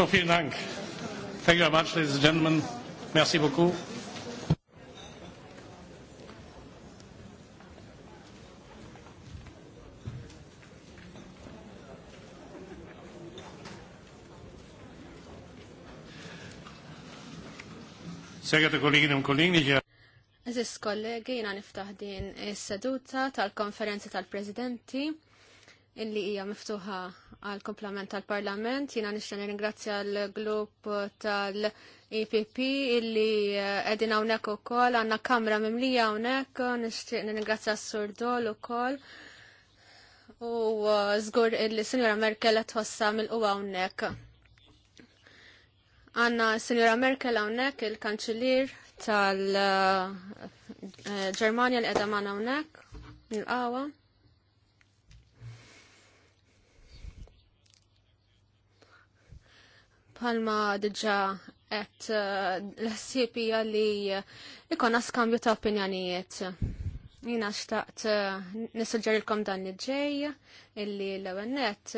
So, vielen Dank. Thank you very much, ladies and gentlemen. Merci beaucoup. Sehr geehrte Kolleginnen und Kollegen, ich Aziz kollegi, jina niftaħ din is-seduta tal-konferenza tal prezidenti illi hija miftuħa għal komplement tal-Parlament. Jina nixtieq ringrazzja l-grupp tal-EPP illi unek eh, hawnhekk ukoll għandna kamra mimlija hawnhekk, nixtieq nirringrazzja s-Sur Dol ukoll. U eh, żgur il-Sinjora Merkel għatħossa mil mill-qwa hawnhekk. Għanna Sinjora Merkel hawnhekk il-Kanċilir tal eh, ġermania l edamana unek hawnhekk, il-qawa. palma diġa et eh, l-ħsieb li ikonna skambju ta' opinjonijiet. Jina xtaqt eh, nissuġġerilkom dan li ġej illi l-ewennet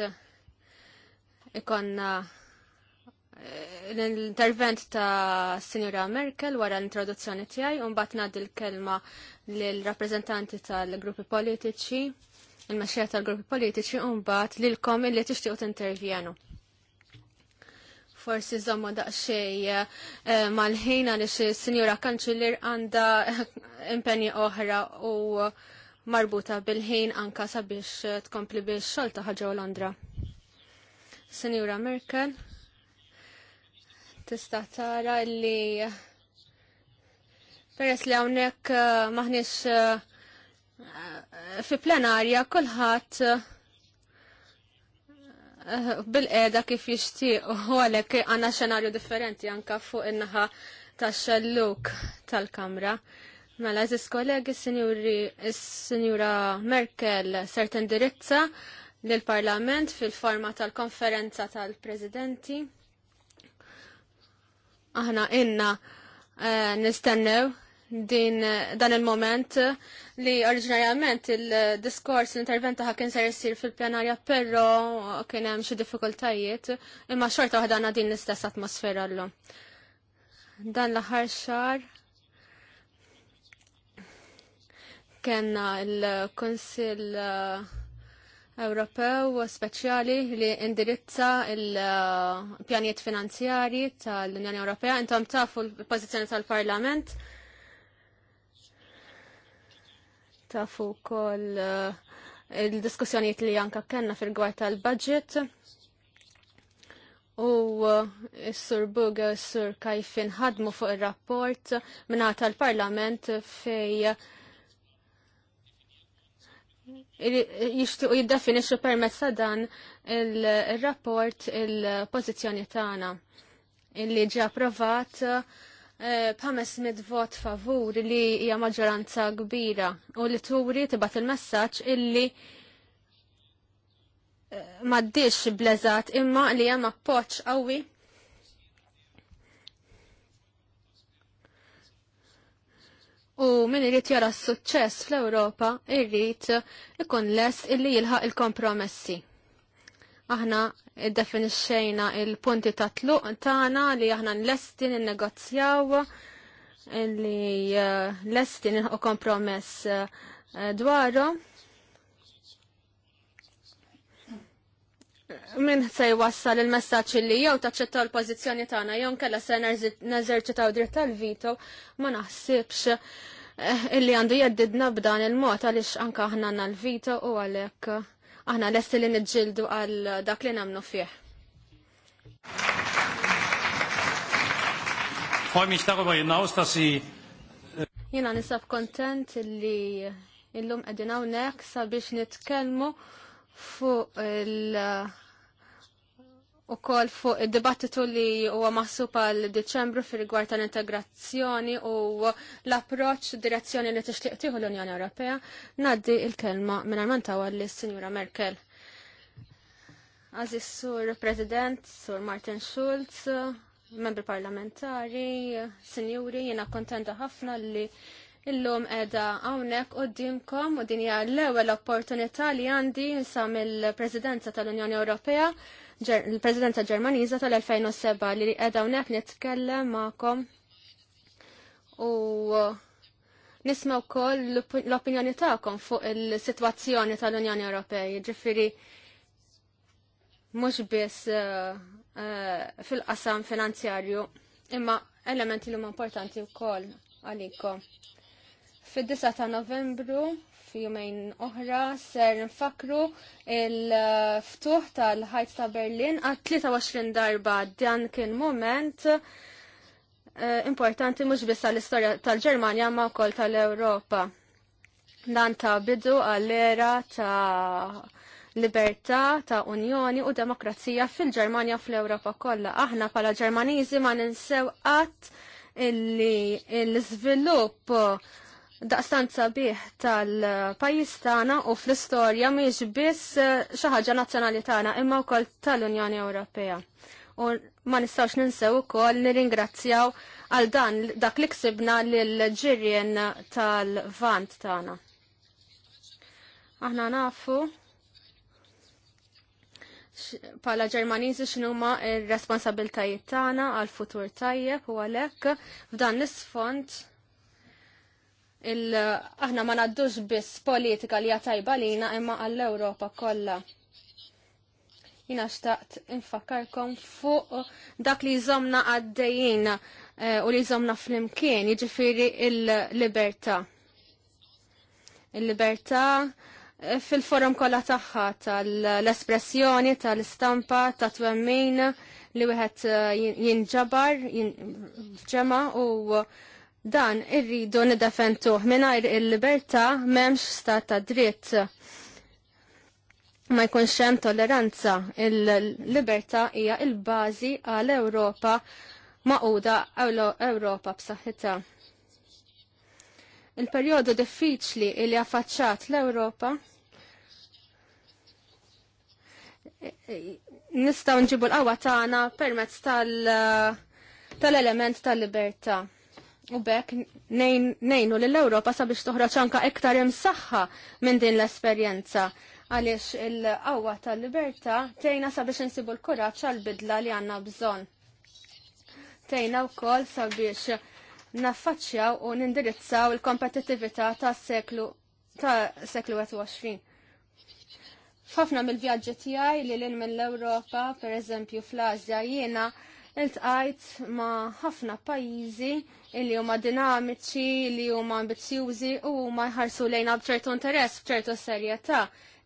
ikonna eh, l-intervent ta' Sinjora Merkel wara l-introduzzjoni tiegħi u mbagħad ngħaddi l-kelma lill-rappreżentanti tal-gruppi politiċi, il-mexxejja tal-gruppi politiċi u mbagħad lilkom illi tixtiequ tintervjenu forsi zomma daqxej eh, mal-ħina li xie sinjura kanċillir għanda impenji oħra u marbuta bil-ħin anka sabiex tkompli biex xolta ħagġa Londra. Sinjura Merkel, tista' tara li peress li hawnhekk eh, maħniex eh, fi plenarja kulħadd bil-qeda kif jixtieq u għalhekk għandna xenarju differenti anka fuq innaħa naħa tax-xelluk tal-Kamra. Mela eżis kollegi s-Sinjura Merkel ser tindirizza lill-Parlament fil-forma tal-konferenza tal-Presidenti. Aħna inna eh, nistennew din dan il-moment li oriġinarjament il-diskors l-intervent ta' kien ser jisir fil-plenarja però kien hemm xi diffikultajiet imma xorta waħda għandna din l-istess atmosfera llum. Dan l-aħħar xar kenna il-Konsil eh, Ewropew speċjali li indirizza il-pjanijiet eh, finanzjari tal-Unjoni Ewropea. Intom tafu l-pożizzjoni tal-Parlament tafu wkoll eh, il-diskussjonijiet li janka kenna fil gwajt tal-budget u eh, s-sur Buga, s-sur Kajfin ħadmu fuq il-rapport minna tal-parlament fej eh, jishtiqu jiddefinixu permezz ta' dan il-rapport il-pozizjoni tagħna illi ġi approvat Eh, mid vot favur li hija maġġoranza kbira u li turi tibat il-messaġġ illi eh, m'għaddix blezat imma li hemm appoġġ qawwi U min irrit jara s-suċċess fl-Ewropa irrit ikun les illi jilħaq il-kompromessi aħna iddefinixxejna il-punti ta' tluq tagħna li aħna nlestin innegozjaw li eh, lestin nilħu kompromess eh, dwaru. Min se jwassal il-messaċ li jew taċċettaw l-pożizzjoni tagħna jew nkella se neżerċitaw dritt tal-vito ma naħsibx eh, illi għandu jeddidna b'dan il-mod għaliex anke aħna l-vito u għalhekk aħna lesti li nġildu għal dak li namnu fih. Freue äh, Jena nisab kontent li illum għedina unnek sabiex nitkelmu fuq il- u kol fuq id-dibattitu li huwa maħsub għal Deċembru fil rigward tal-integrazzjoni u l-approċ direzzjoni li tixtieq tieħu l-Unjoni Ewropea, ngħaddi il-kelma mingħajr mantawa lis sinjura Merkel. Aziz Sur President, Sur Martin Schulz, membri parlamentari, sinjuri, jiena kontenta ħafna li illum edha għawnek u dimkom u dinja l-ewel opportunità li għandi nsa il presidenza tal-Unjoni Ewropea il-Presidenza Ġermaniża tal-2007 li qiegħda hawnhekk nitkellem ma'kom u nisma' wkoll l-opinjoni tagħkom fuq il-sitwazzjoni tal-Unjoni Ewropej, ġifieri mhux biss uh, uh, fil-qasam finanzjarju, imma elementi li huma importanti wkoll għalikom. Fid-9 ta' Novembru f'jumejn oħra ser nfakru il-ftuħ tal-ħajt ta' Berlin għad 23 darba dan kien moment eh, importanti mhux biss l istorja tal-Ġermanja ma' wkoll tal-Ewropa. Dan ta' bidu għall-era ta' libertà ta' unjoni u demokrazija fil-Ġermanja fl-Ewropa kollha. Aħna pala Ġermaniżi ma ninsew qatt illi l-svilupp daqstanza bih tal-pajis tagħna u fl-istorja mhix biss eh, xi ħaġa nazzjonali tagħna imma wkoll tal-Unjoni Ewropea. U ma nistgħux ninsew ukoll nirringrazzjaw għal dan dak li ksibna lill ġirien tal-vant tagħna. Aħna nafu pala ġermaniżi x'numa r-responsabiltajiet tagħna għal futur tajjeb u għalhekk f'dan l-isfond aħna ma naddux biss politika li li jina imma għall-Europa kollha. Jina xtaqt infakkarkom fuq dak li jżomna għaddejjina eh, u li jżomna fl-imkien, jiġifieri il-libertà. Il-libertà eh, fil-forum kollha tagħha tal-espressjoni, tal-istampa, ta' twemmin li wieħed eh, jinġabar, jinġema u Dan irridu nidefentuh mingħajr il-libertà m'hemmx stat ta' dritt. Ma jkunx hemm tolleranza. Il-libertà hija l-bażi il għal Ewropa maquda Ewropa b'saħħitha. Il-perjodu diffiċli li affaċċat l-Ewropa nistgħu nġibu l-qawwa tagħna permezz tal- tal-element tal-libertà. element tal libertà tal tal libertà U bekk nejnu l europa sabiex toħroġ anka iktar imsaħħa minn din l-esperjenza għaliex il-qawwa tal-libertà tejna sabiex insibu l-kuraġġ għal bidla li għandna bżonn. Tejna wkoll sabiex naffaċċjaw u nindirizzaw il kompetitivita tas-seklu ta' seklu 20. F'ħafna mill-vjaġġi tiegħi li lil mill-Ewropa, pereżempju fl azja jiena iltqajt ma' ħafna pajjiżi li huma dinamiċi, li huma ambizzjużi u ma jħarsu lejna bċertu interess, bċertu serjetà.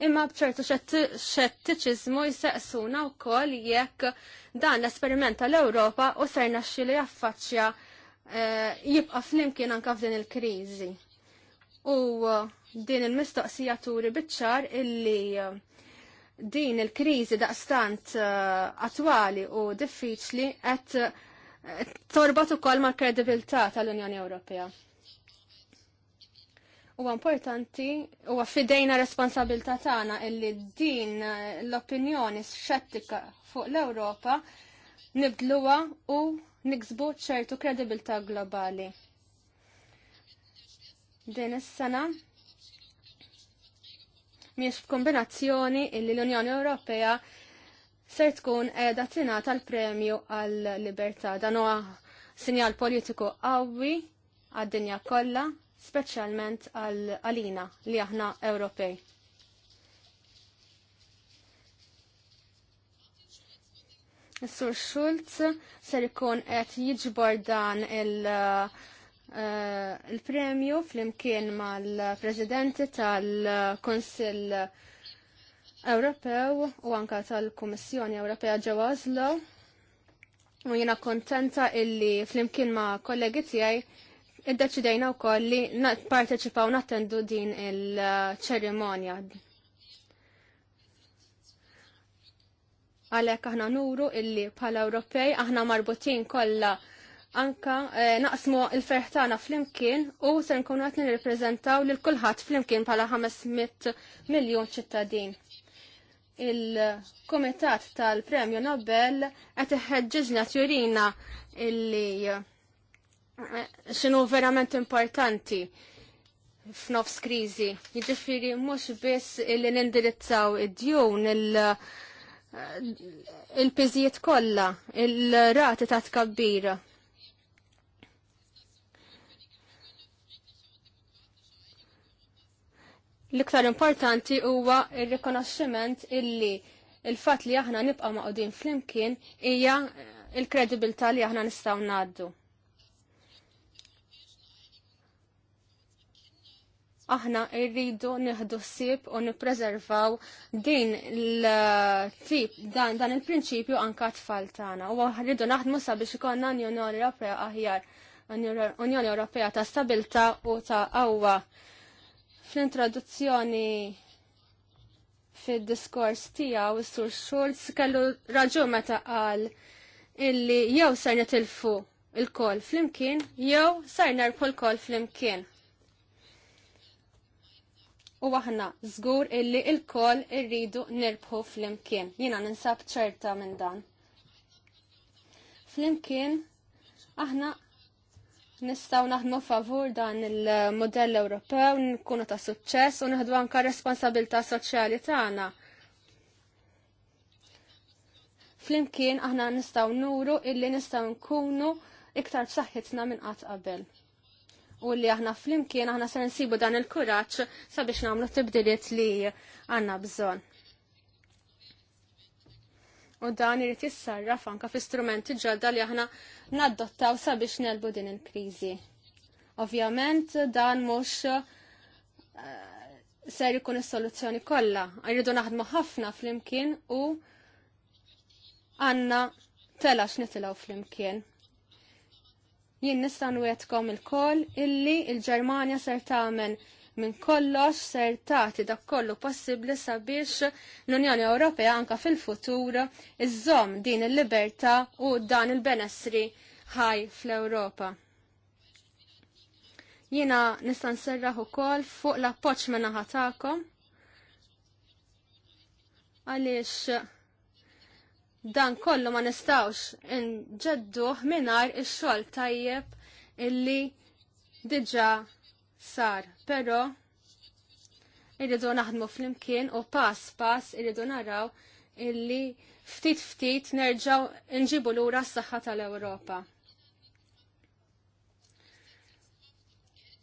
Imma bċertu xettiċiżmu jseqsuna wkoll jekk dan l-esperiment tal-Ewropa u ser naxxi li jaffaċċja eh, jibqa' flimkien anke f'din il-kriżi. U eh, din il-mistoqsija turi biċ-ċar illi eh, din il-krizi daqstant eh, attwali u diffiċli qed eh, torbat ukoll mal kredibilità tal-Unjoni Ewropea. Huwa importanti huwa fidejna responsabilità tagħna illi din eh, l-opinjoni xettika fuq l-Ewropa nibdluha u niksbu ċertu kredibilità globali. Din is-sena miex kombinazzjoni illi l-Unjoni Ewropea ser tkun qiegħda tingħata l-premju għal libertà dan huwa sinjal politiku qawwi għad-dinja kollha, speċjalment għal għalina li aħna Ewropej. Sur Schulz ser ikun qed jiġbor dan il- uh, Eh, il-premju fl-imkien mal-Presidenti tal-Konsil Ewropew u anka tal-Kummissjoni Ewropea ġewwa Oslo. U jiena kontenta illi fl-imkien ma' kollegi tiegħi iddeċidejna wkoll li nipparteċipaw nattendu din il-ċerimonja. Għalhekk aħna nuru illi bħala Ewropej aħna marbutin kollha anka eh, naqsmu il-ferħ tagħna flimkien u se nkunu qed nirrepreżentaw lil kulħadd flimkien bħala 500 miljun ċittadin. Il-Kumitat tal-Premju Nobel qed iħeġġiġna tjurina illi eh, xinu verament importanti f'nofs kriżi. Jiġifieri mhux biss illi nindirizzaw id-djun il- eh, il-piżijiet kollha, il-rati ta' tkabbira L-iktar importanti huwa il-rikonoxximent illi il-fat li aħna nibqa' maqdin flimkien hija il-kredibilità li aħna nistgħu ngħaddu. aħna irridu nieħdu ssib u nippreservaw din l-tip dan, dan il-prinċipju anka tfal tagħna. U rridu naħdmu sabiex ikollna Unjoni Ewropea aħjar, Unjoni Ewropea ta' stabilta u ta' qawwa Fl-introduzzjoni fil-diskors tijaw is-sur Schulz kellu raġun meta qal illi jew sarna nitilfu il-kol flimkien jew sarna nerpu l-kol flimkien. U aħna żgur illi il-kol irridu nirbħu flimkien. Jiena ninsab ċerta minn dan. Flimkien aħna nistaw naħdmu favur dan il-modell Ewropew nkunu ta' suċċess u nieħdu anka responsabilità soċjali tagħna. Flimkien aħna nistaw nuru illi nistaw nkunu iktar b'saħħitna minn qatt qabel. U li aħna flimkien aħna se nsibu dan il-kuraġġ sabiex nagħmlu tibdiliet li għandna bżonn. U dan irid jissarraf anka f'istrumenti ġodda li aħna naddottaw sabiex nelbu din il-kriżi. Ovvjament dan mhux eh, ser ikun is-soluzzjoni kollha. Irridu naħdmu ħafna flimkien u għandna telax nitilgħu flimkien. Jien nista' nwedkom il-koll illi il-Ġermanja ser tagħmel minn kollox ser tagħti dak kollu possibbli sabiex l-Unjoni Ewropea anka fil-futur iżżomm din il-libertà u dan il-benessri ħaj fl-Ewropa. Jiena nista' serraħu ukoll fuq l-appoġġ minn naħa tagħkom għaliex dan kollu ma nistawx nġedduh minar ix-xogħol tajjeb illi diġà sar. Però irridu naħdmu flimkien u pass pass irridu naraw illi ftit ftit nerġaw nġibu lura s-saħħa tal-Ewropa.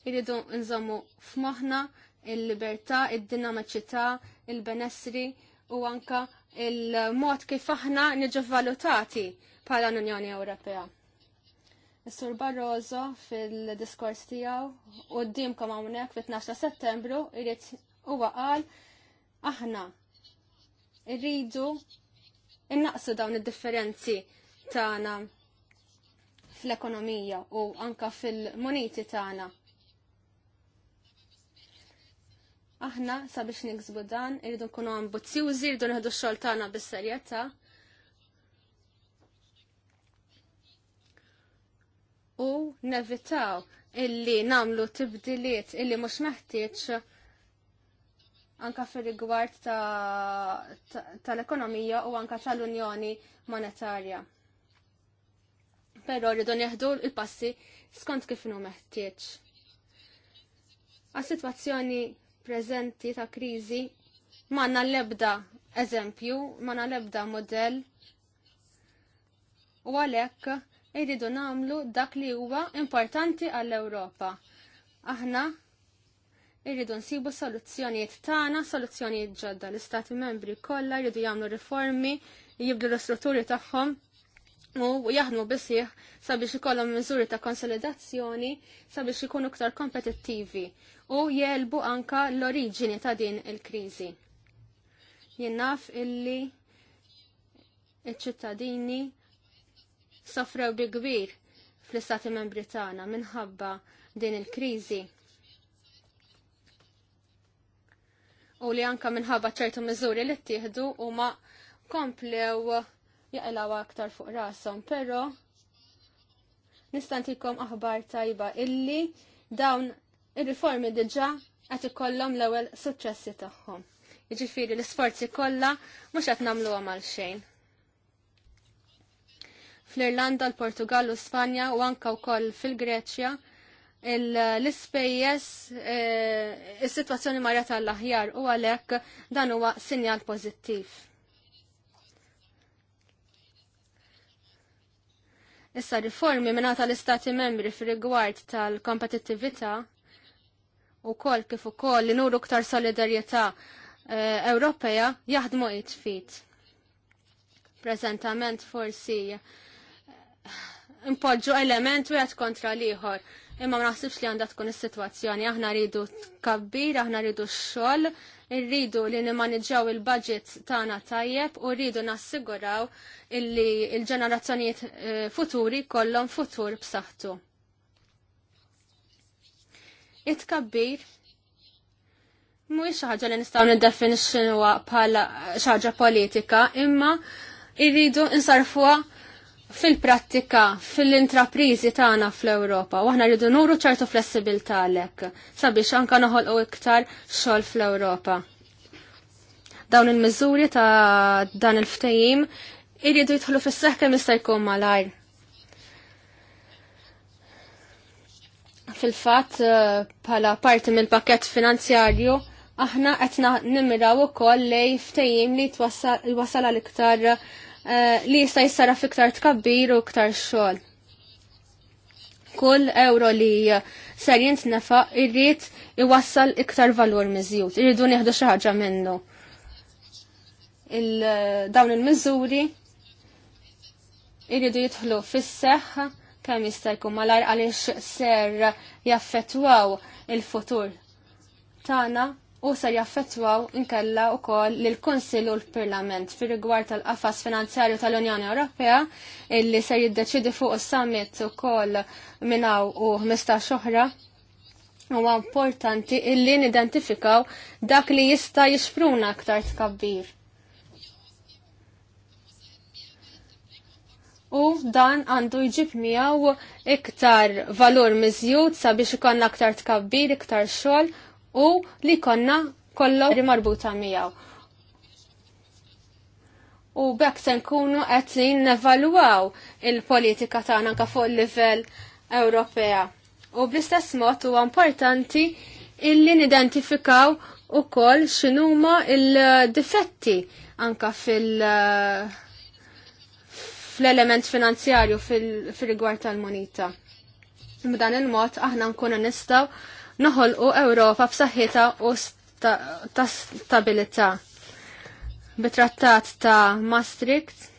Irridu nżommu f'moħħna il-libertà, id-dinamiċità, il il-benessri u anka il-mod kif aħna niġu valutati bħala l-Unjoni Ewropea. Is-Sur Barroso fil-diskors tiegħu u d-dimkom hawnhekk fit-12 ta' Settembru irid huwa qal aħna irridu innaqsu dawn id-differenzi tagħna fl-ekonomija u anka fil-moniti tagħna. Aħna sabiex niksbu dan irridu nkunu ambuzzjużi irridu nieħdu xol xogħol tagħna bis-serjetà. u nevitaw illi namlu tibdiliet illi mux meħtieċ anka fil rigward tal-ekonomija ta, ta u anka tal-Unjoni Monetarja. Pero rridu neħdu il-passi skont kif nu meħtieġ. A sitwazzjoni preżenti ta' kriżi manna l-ebda eżempju, manna l-ebda modell u għalhekk irridu namlu dak li huwa importanti għall-Ewropa. Aħna irridu nsibu soluzzjonijiet tagħna, soluzzjonijiet ġodda. L-Istati membri kollha jridu jagħmlu riformi, jibdu l-istrutturi tagħhom u jaħdmu bisih sabiex ikollhom miżuri ta' konsolidazzjoni sabiex ikunu iktar kompetittivi u jelbu anka l-oriġini ta' din il-kriżi. Jien naf illi iċ-ċittadini il sofrew bi kbir fl-istati membri tagħna minħabba din il-kriżi. U li anka minħabba ċertu miżuri li ttieħdu huma komplew jaqlaw aktar fuq rashom, però nista' aħbar tajba illi dawn ir-riformi diġà qed ikollhom l-ewwel suċċessi tagħhom. Jiġifieri l-isforzi kollha mhux qed nagħmluhom għal xejn fl-Irlanda, l-Portugal u Spanja u anka wkoll fil-Greċja l-ispejjes eh, is-sitwazzjoni marja tal-aħjar u għalhekk dan huwa sinjal pożittiv. Issa riformi minnata l-Istati membri fir-rigward tal-kompetittività u kol kif ukoll li nuru ktar solidarjetà eh, Ewropea jaħdmu it-fit. Prezentament forsi impoġġu element u kontra liħor. Imma ma naħsibx li għandha tkun is-sitwazzjoni, aħna rridu kabbir, aħna rridu x-xogħol, rridu li nimmaniġġaw il-budget tagħna tajjeb u rridu nassiguraw illi il-ġenerazzjonijiet eh, futuri kollhom futur b'saħħtu. It-kabbir mhuwiex xi ħaġa li nistgħu niddefinixxuha bħala xi ħaġa politika, imma rridu nsarfuha fil-prattika, fil-intraprizi tagħna fl-Ewropa, u aħna rridu nuru ċertu flessibilità għalhekk sabiex anka noħolqu iktar xogħol fl-Ewropa. Dawn il-miżuri ta' dan il-ftehim irridu jidħlu fis-seħħ kemm jista' jkun malajr. Fil-fatt bħala parti mill pakett finanzjarju aħna qed nimmiraw ukoll lej ftehim li jwassal għal iktar Eh, li jista' jissara fiktar tkabbir u ktar xogħol. Kull euro li ser jintnefa irrid iwassal iktar valur miżjud, irridu nieħdu xi ħaġa minnu. Eh, dawn il-miżuri irridu jidħlu fis-seħħ kemm jista' jkun malar għaliex ser jaffettwaw il-futur tagħna u se jaffettwaw inkella wkoll l konsil u l-Parlament fir rigward tal-qafas finanzjarju tal-Unjoni Ewropea illi se jiddeċidi fuq is-summit ukoll minnaw u 15 xoħra Huwa importanti illi nidentifikaw dak li jista' jixpruna aktar tkabbir. u dan għandu jġib miegħu iktar valur miżjud sabiex ikonna aktar tkabbir, iktar xogħol u li konna kollu marbuta miegħu. U bekk se nkunu qed nevaluaw il-politika tagħna anke fuq il-livell Ewropea. U bl-istess mod huwa importanti illi nidentifikaw ukoll x'inhuma il-difetti anka fil- fl-element finanzjarju fil-rigward tal-monita. B'dan il-mod aħna nkunu nistgħu u Ewropa f'saħħitha u ta' stabilità. Bitrattat ta' Maastricht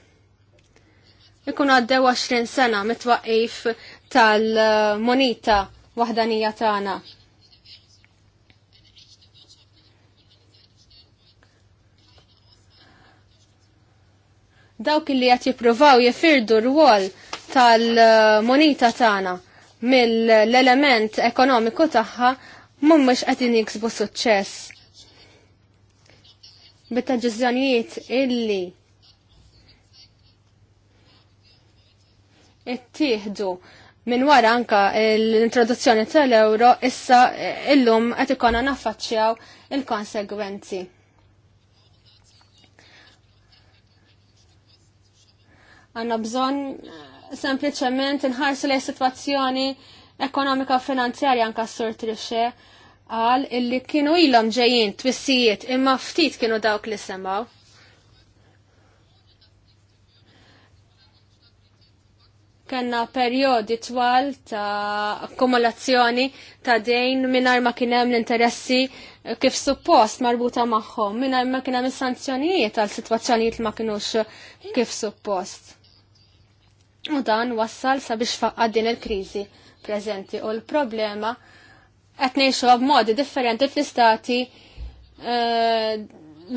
ikun għaddew 20 sena mitwaqqif tal-monita waħdanija tagħna. Dawk li qed jippruvaw jifirdu r wol tal-monita tagħna mill-element ekonomiku tagħha mhumiex qed jiksbu suċċess. Bit-deċiżjonijiet illi ittieħdu minn wara anka l-introduzzjoni tal-euro issa illum qed ikonna naffaċċjaw il-konsegwenzi. Għanna bżonn sempliċement inħarsu lej situazzjoni ekonomika u finanzjarja anka s-sur trixe għal illi kienu ilhom ġejjin twissijiet imma ftit kienu dawk li semaw. Kenna periodi twal ta' akkumulazzjoni ta' dejn minar ma kienem l-interessi kif suppost marbuta magħhom, minar ma kienem is-sanzjonijiet għal situazzjonijiet ma kienux kif suppost. U dan wassal sabiex faqqa din il-krizi preżenti u l-problema qed ngħixu b'modi differenti fl-istati eh,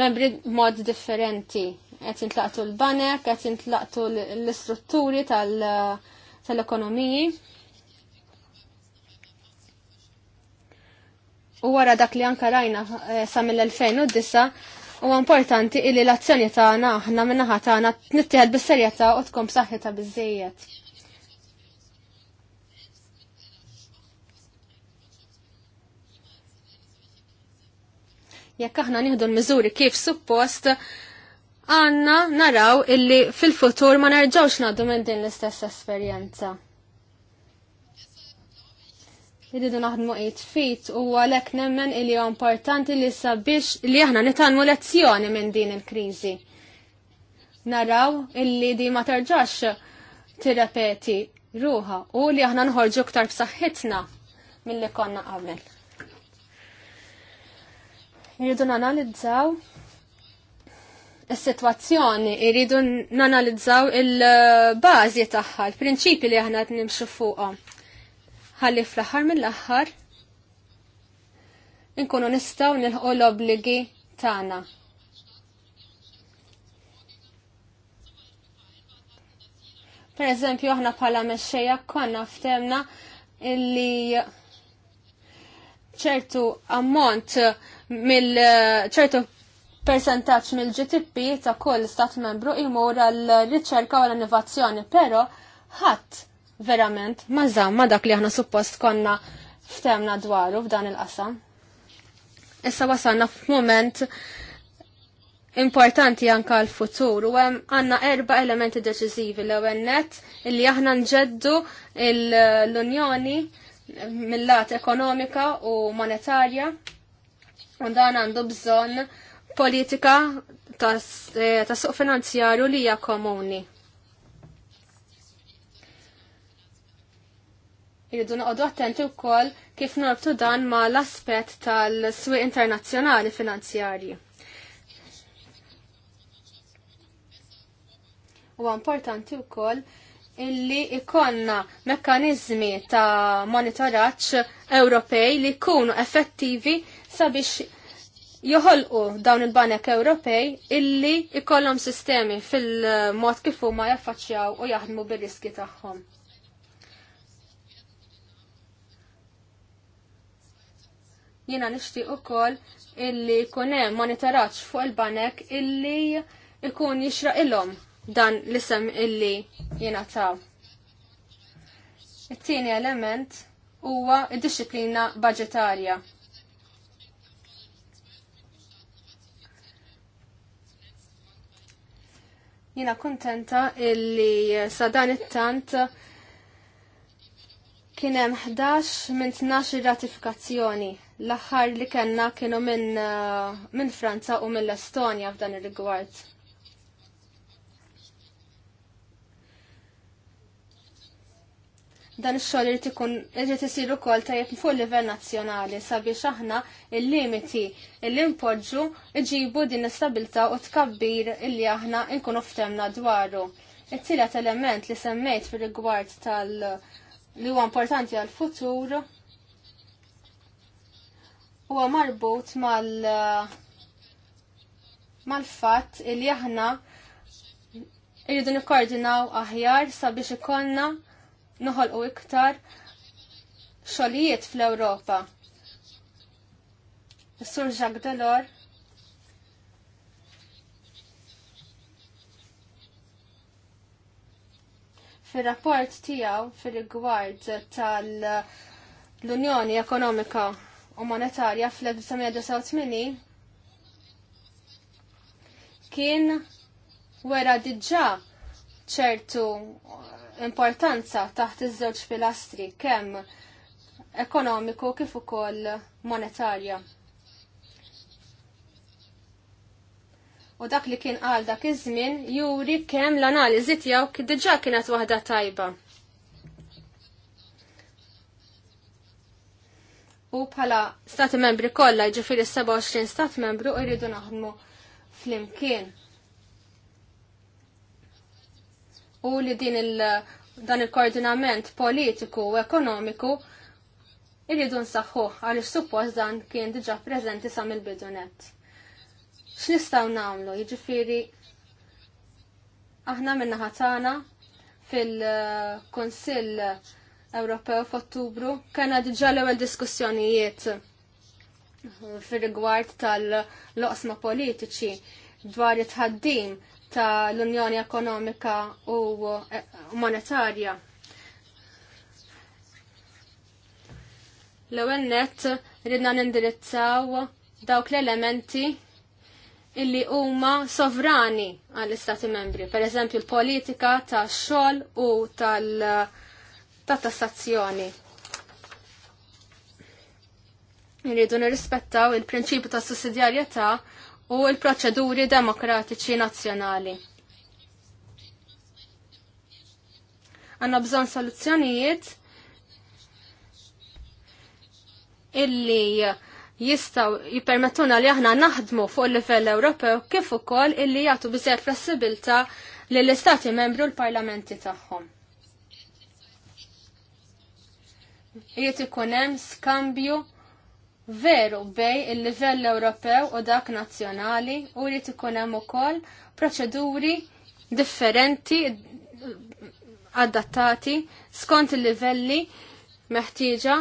membri b'mod differenti. Qed intlaqtu l-banek, qed intlaqtu l-istrutturi tal-ekonomiji. U wara dak li anka rajna eh, sa mill-2009 U importanti illi l-azzjoni tagħna aħna minnaħa tagħna nittieħed bis-serjetà u tkun b'saħħitha biżejjed. Jekk aħna nieħdu l-miżuri kif suppost, għanna naraw illi fil-futur ma nerġawx naddu minn din l-istess esperjenza irridu naħdmu qiegħed fit u għalhekk nemmen li huwa importanti li sabiex li aħna nitanmu lezzjoni minn din il-kriżi. Naraw illi di ma terġax tirrepeti ruha u li aħna nħorġu ktar b'saħħitna mill-li konna qabel. Irridu nanalizzaw is-sitwazzjoni, irridu nanalizzaw il-bażi tagħha, il-prinċipi li aħna nimxu fuqhom ħalli fl-aħħar mill-aħħar inkunu nistgħu nilħqu l-obligi tagħna. Per eżempju, aħna bħala mexxejja konna ftemna illi ċertu ammont mill ċertu percentaċ mill-GTP ta' kull stat membru imur għal riċerka u l-innovazzjoni, pero ħadd verament mażam ma dak li aħna suppost konna ftemna dwaru f'dan il-qasam. Issa wasalna f'mument importanti anka l-futur u hemm għandna erba elementi deċiżivi l ewwel nett, illi aħna nġeddu l-Unjoni mill-lat ekonomika u monetarja u dan għandu bżonn politika ta' eh, suq finanzjarju li hija komuni Irridu noqogħdu attenti wkoll kif norbtu dan ma l-aspett tal-swieq internazzjonali finanzjarji. Huwa importanti wkoll illi ikonna mekkaniżmi ta' monitoraġġ Ewropej li jkunu effettivi sabiex joħolqu dawn il-banek Ewropej illi ikollhom sistemi fil-mod kif huma jaffaċċjaw u jaħdmu bir-riski tagħhom. Jiena nixtieq ukoll illi jkun hemm fuq il-banek illi ikun jixraq ilhom dan l-isem illi jina taw. It-tieni element huwa d-disciplina budgetarja. jina kontenta illi sadan it-tant kienem 11 minn 12 ratifikazzjoni L-aħħar li kellna kienu minn uh, min Franza u mill estonja f'dan ir-rigward. Dan ix-xogħol irid ikun irid isir ukoll tajjeb fuq livell nazzjonali sabiex aħna il-limiti li impoġġu iġibu din l-istabilità u tkabbir illi aħna nkunu ftemna dwaru. It-tielet element li semmejt fir-rigward tal- li huwa importanti għal-futur huwa marbut mal mal-fatt li aħna irridu nikkoordinaw aħjar sabiex ikonna noħolqu iktar xogħlijiet fl-Ewropa. Is-Sur Jacques Delor. fir-rapport tiegħu fir-rigward tal- unjoni Ekonomika u monetarja fl-1989 kien wera diġà ċertu importanza taħt iż-żewġ pilastri kemm ekonomiku kif ukoll monetarja. U dak li kien għal dak iż-żmien juri kemm l-analiżi tiegħu diġà kienet waħda tajba. u bħala stati membri kollha ġifiri 27 stat membru jridu naħdmu fl-imkien. U li din il- dan il-koordinament politiku u ekonomiku irridu nsaħħu għal suppost dan kien diġà preżenti sa mill-bidunet. X'nistgħu nagħmlu? Jiġifieri aħna minna ħatana fil-Kunsill Ewropew f'Ottubru kena diġà l-ewwel diskussjonijiet fir-rigward tal-loqsma politiċi dwar it-ħaddim tal-Unjoni Ekonomika u Monetarja. L-ewwel nett ridna nindirizzaw dawk l-elementi illi huma sovrani għall istati membri, per eżempju l-politika tax-xogħol u tal- uh, ta' tassazzjoni. Irridu nirrispettaw il-prinċipju ta' sussidjarjetà u l-proċeduri demokratiċi nazzjonali. Għanna bżon soluzzjonijiet illi jistaw jipermettuna li aħna naħdmu fuq il-livell Ewropew kif ukoll illi jagħtu biżejjed flessibilta lill-istati membru l-parlamenti tagħhom. Jiet ikun hemm skambju veru bej il-livell Ewropew u dak nazzjonali u jrid ikun hemm ukoll proċeduri differenti adattati skont il-livelli meħtieġa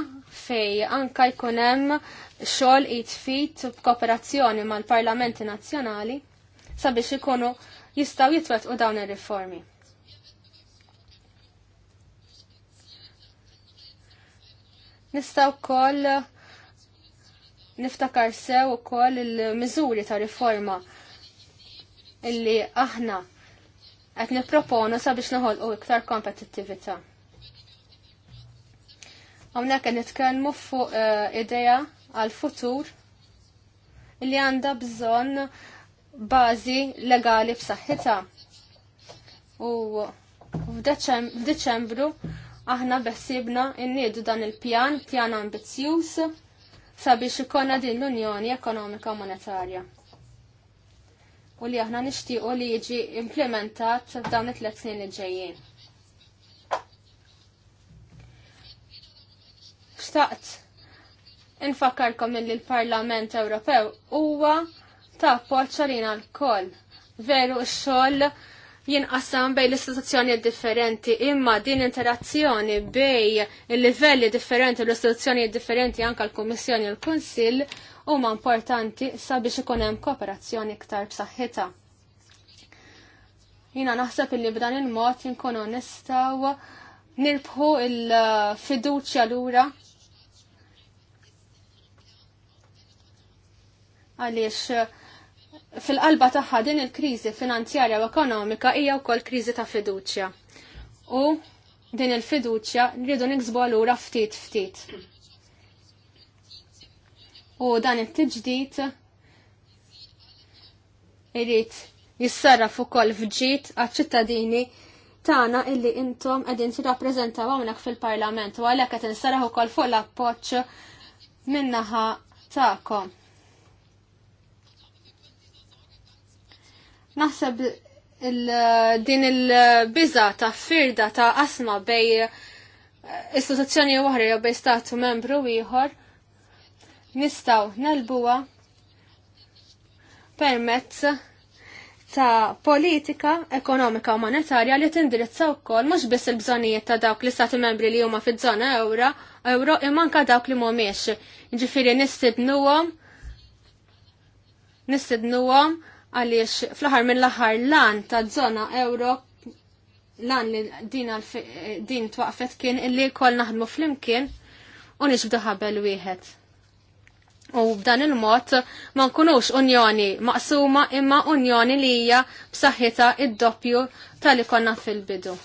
fej anka jkun hemm xogħol jitfit b'kooperazzjoni mal-Parlamenti Nazzjonali sabiex ikunu jistgħu jitwettqu dawn ir-riformi. Nistaw kol niftakar sew kol il-mizuri ta' riforma illi aħna għet niproponu sabiex u iktar kompetittivita. Għamnek għet nitkelmu fuq uh, eh, ideja għal-futur illi għanda bżon bazi legali b'saħħitha. U f'Deċembru Aħna beħsibna innidu dan il-pjan, pjan ambizzjuż sabiex ikonna din l-Unjoni Ekonomika Monetarja. U li aħna nixtiequ li jiġi implementat f'dawn it-tliet snin li ġejjin. Xtaqt infakkarkom illi l-Parlament Ewropew huwa ta' appoġġ għalina l-koll. Veru x-xogħol jinqassam bej l-istituzzjoni differenti imma din interazzjoni bej il-livelli differenti l-istituzzjoni differenti anka l-Kummissjoni u l-Kunsill huma importanti sabiex ikun hemm kooperazzjoni iktar b'saħħitha. Jina naħseb illi b'dan il-mod jinkunu nistgħu nirbħu il-fiduċja lura għaliex fil-qalba tagħha din il-kriżi finanzjarja u ekonomika hija wkoll kriżi ta' fiduċja. U din il-fiduċja nridu niksbu għalura ftit ftit. U dan it-tiġdid irid jissarraf ukoll fġid għaċ-ċittadini tagħna illi intom qegħdin tirrappreżentaw hawnhekk fil-Parlament u għalhekk qed insarraħ ukoll fuq l-appoġġ minnaħa tagħkom. Naħseb din il biza ta' firda ta' asma bej eh, istituzzjoni oħra jew bej statu membru ieħor nistgħu nelbuha permezz ta' politika ekonomika u monetarja li tindirizza wkoll mhux biss il-bżonnijiet ta' dawk l-istati membri li huma fiż-żona ewra euro imanka dawk li mhumiex. Jiġifieri nistidnuhom nistidnuhom għaliex fl-aħħar mill-aħħar lan ta' zona euro lan li din, din twaqfet kien illi kol naħdmu fl-imkien u nixbdu ħabel wieħed. U b'dan il-mod ma nkunux unjoni maqsuma imma unjoni li hija b'saħħitha id-doppju tal-li konna fil-bidu.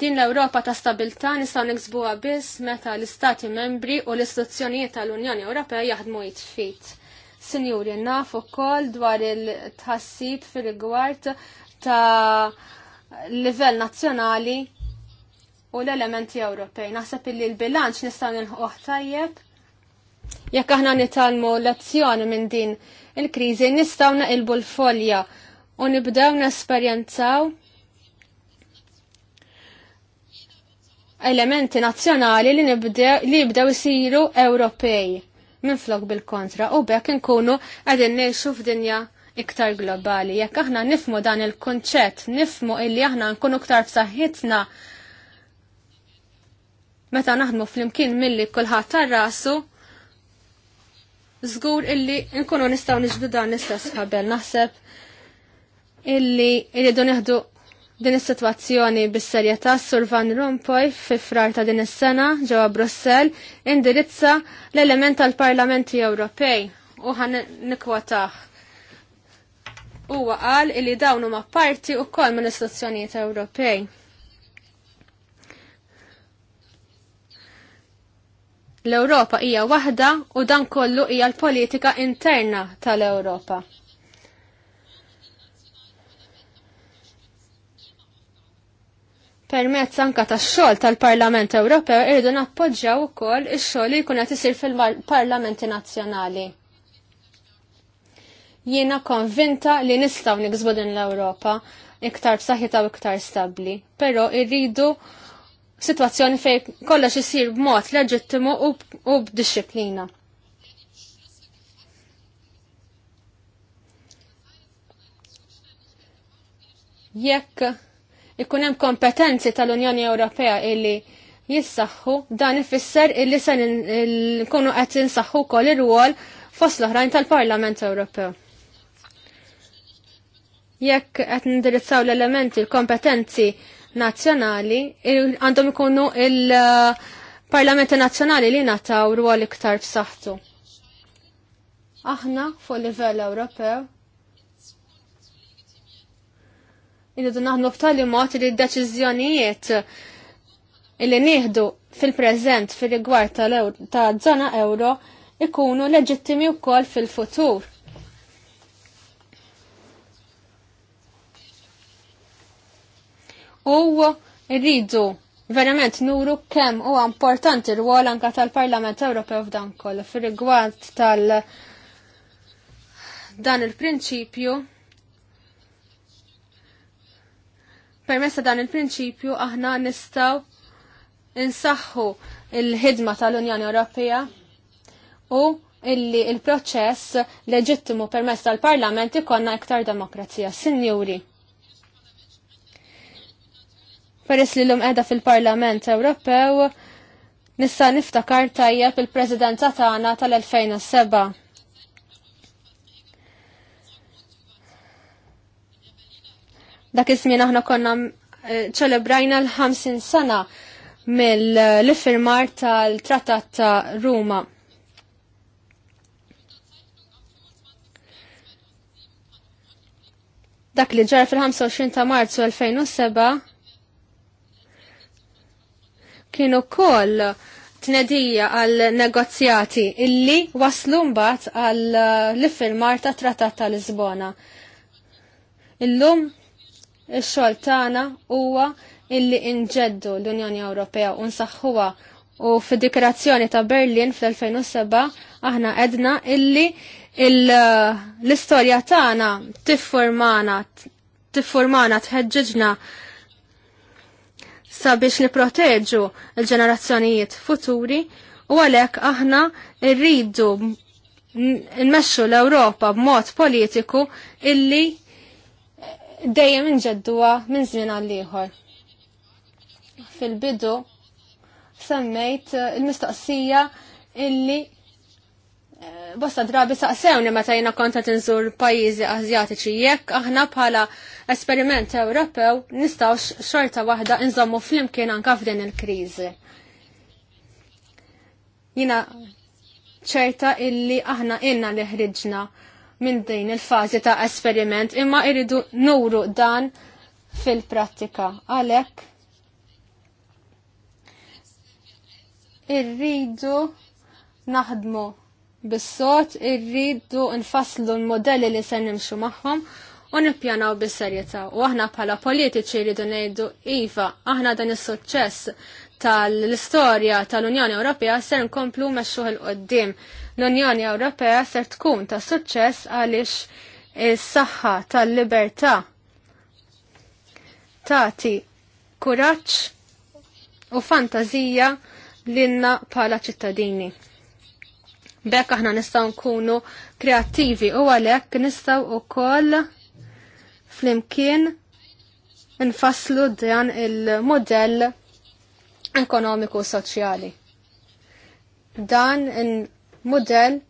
Din l-Ewropa ta' stabilta nistgħu niksbuha biss meta l-Istati membri u l-istituzzjonijiet tal-Unjoni Ewropea jaħdmu jitfit. Sinjuri, naf ukoll dwar il-tħassib fil-rigward ta' livell nazzjonali u l-elementi Ewropej. Naħseb illi l-bilanċ nistgħu nilħuq tajjeb. Jekk aħna nitalmu lezzjoni minn din il-kriżi nistgħu naqilbu l-folja u nibdew nesperjenzaw elementi nazzjonali li nibdew li jibdew isiru Ewropej minflok bil-kontra u bekk inkunu qegħdin ngħixu f'dinja iktar globali. Jekk aħna nifmu dan il-konċett, nifmu illi aħna nkunu iktar f'saħħitna meta naħdmu fl-imkien milli kulħadd tar-rasu, żgur illi nkunu nistgħu niġbdu dan l-istess ħabel naħseb illi rridu neħdu din is-sitwazzjoni bis-serjetà Sur Van Rompuy fi frar ta' din is-sena ġewwa Brussell indirizza l-element tal-Parlamenti Ewropej u ħan nikwataħ. Huwa qal li dawn huma parti wkoll minn istituzzjonijiet Ewropej. L-Ewropa hija waħda u dan kollu hija l-politika interna tal-Ewropa. permezz anka tax-xogħol tal-Parlament Ewropew irridu nappoġġjaw ukoll ix-xogħol li jkun qed isir fil-Parlamenti Nazzjonali. Jiena konvinta li nistgħu niksbu din l-Ewropa iktar b'saħħitha u iktar stabbli, però irridu sitwazzjoni fejn kollox isir b'mod leġittimu u b'dixxiplina. Jekk ikun hemm kompetenzi tal-Unjoni Ewropea illi jissaħħu dan ifisser illi se nkunu qed insaħħu wkoll ir-rwol fost l-oħrajn tal-Parlament Ewropew. Jekk qed nindirizzaw l-elementi l-kompetenzi nazzjonali, għandhom ikunu il-Parlamenti Nazzjonali li nataw rwol iktar f'saħħtu. Aħna fuq livell Ewropew Irridu naħdmu b'tali mod li d-deċiżjonijiet li nieħdu fil-preżent fil-rigward ta' żona euro ikunu leġittimi wkoll fil-futur. U rridu verament nuru kemm huwa importanti rwol anka tal-Parlament Ewropew f'dan kollu fir-rigward tal- dan il-prinċipju Permessa dan il-prinċipju aħna nistaw insaħħu il-ħidma tal-Unjoni Ewropea u illi il-proċess leġittimu permess tal-Parlament ikonna iktar demokrazija. Sinjuri, peress li l-lum edha fil-Parlament Ewropew, nista niftakar tajjeb il-Presidenza tagħna tal-2007 Dak iż-żmien aħna konna eh, ċelebrajna l-50 sena mill-iffirmar tal-Trattat ta' Ruma. Dak li ġara fil-25 ta' Marzu 2007 kienu koll tnedija għal negozjati illi waslu mbagħad għal l-iffirmar ta' Trattat ta' Lisbona. Illum Ix-xogħol tagħna huwa illi inġeddu l-Unjoni Ewropea u nsaħħuha u fid-dikrazzjoni ta' Berlin fl-2007 aħna edna illi l-istorja tagħna tiffurmana tiffurmana tħeġġiġna sabiex niproteġu l-ġenerazzjonijiet futuri u għalhekk aħna rridu nmexxu l-Ewropa b'mod politiku illi dejjem inġedduha minn żmien għal ieħor. Fil-bidu semmejt eh, il-mistoqsija illi eh, bosta drabi saqsewni meta jiena konta tinżur pajjiżi Azjatiċi jekk aħna bħala esperiment Ewropew nistgħu xorta waħda nżommu flimkien anke f'din il-kriżi. Jiena ċerta illi aħna inna li ħriġna minn din il-fazi ta' esperiment imma iridu nuru dan fil-prattika. Għalek irridu naħdmu bis-sot, irridu nfasslu l-modelli li se nimxu magħhom u nippjanaw bis-serjetà. U aħna bħala politiċi rridu ngħidu iva, aħna dan is-suċċess tal-istorja tal-Unjoni Ewropea ser nkomplu meċuħ il-qoddim. L-Unjoni Ewropea ser tkun ta' suċċess għaliex is-saħħa tal-libertà tati kuraċ u fantazija l-inna pala ċittadini. Bekk aħna nistaw nkunu kreativi u għalek nistaw u koll fl-imkien nfasslu dan il-modell ekonomiku u soċjali. Dan in modell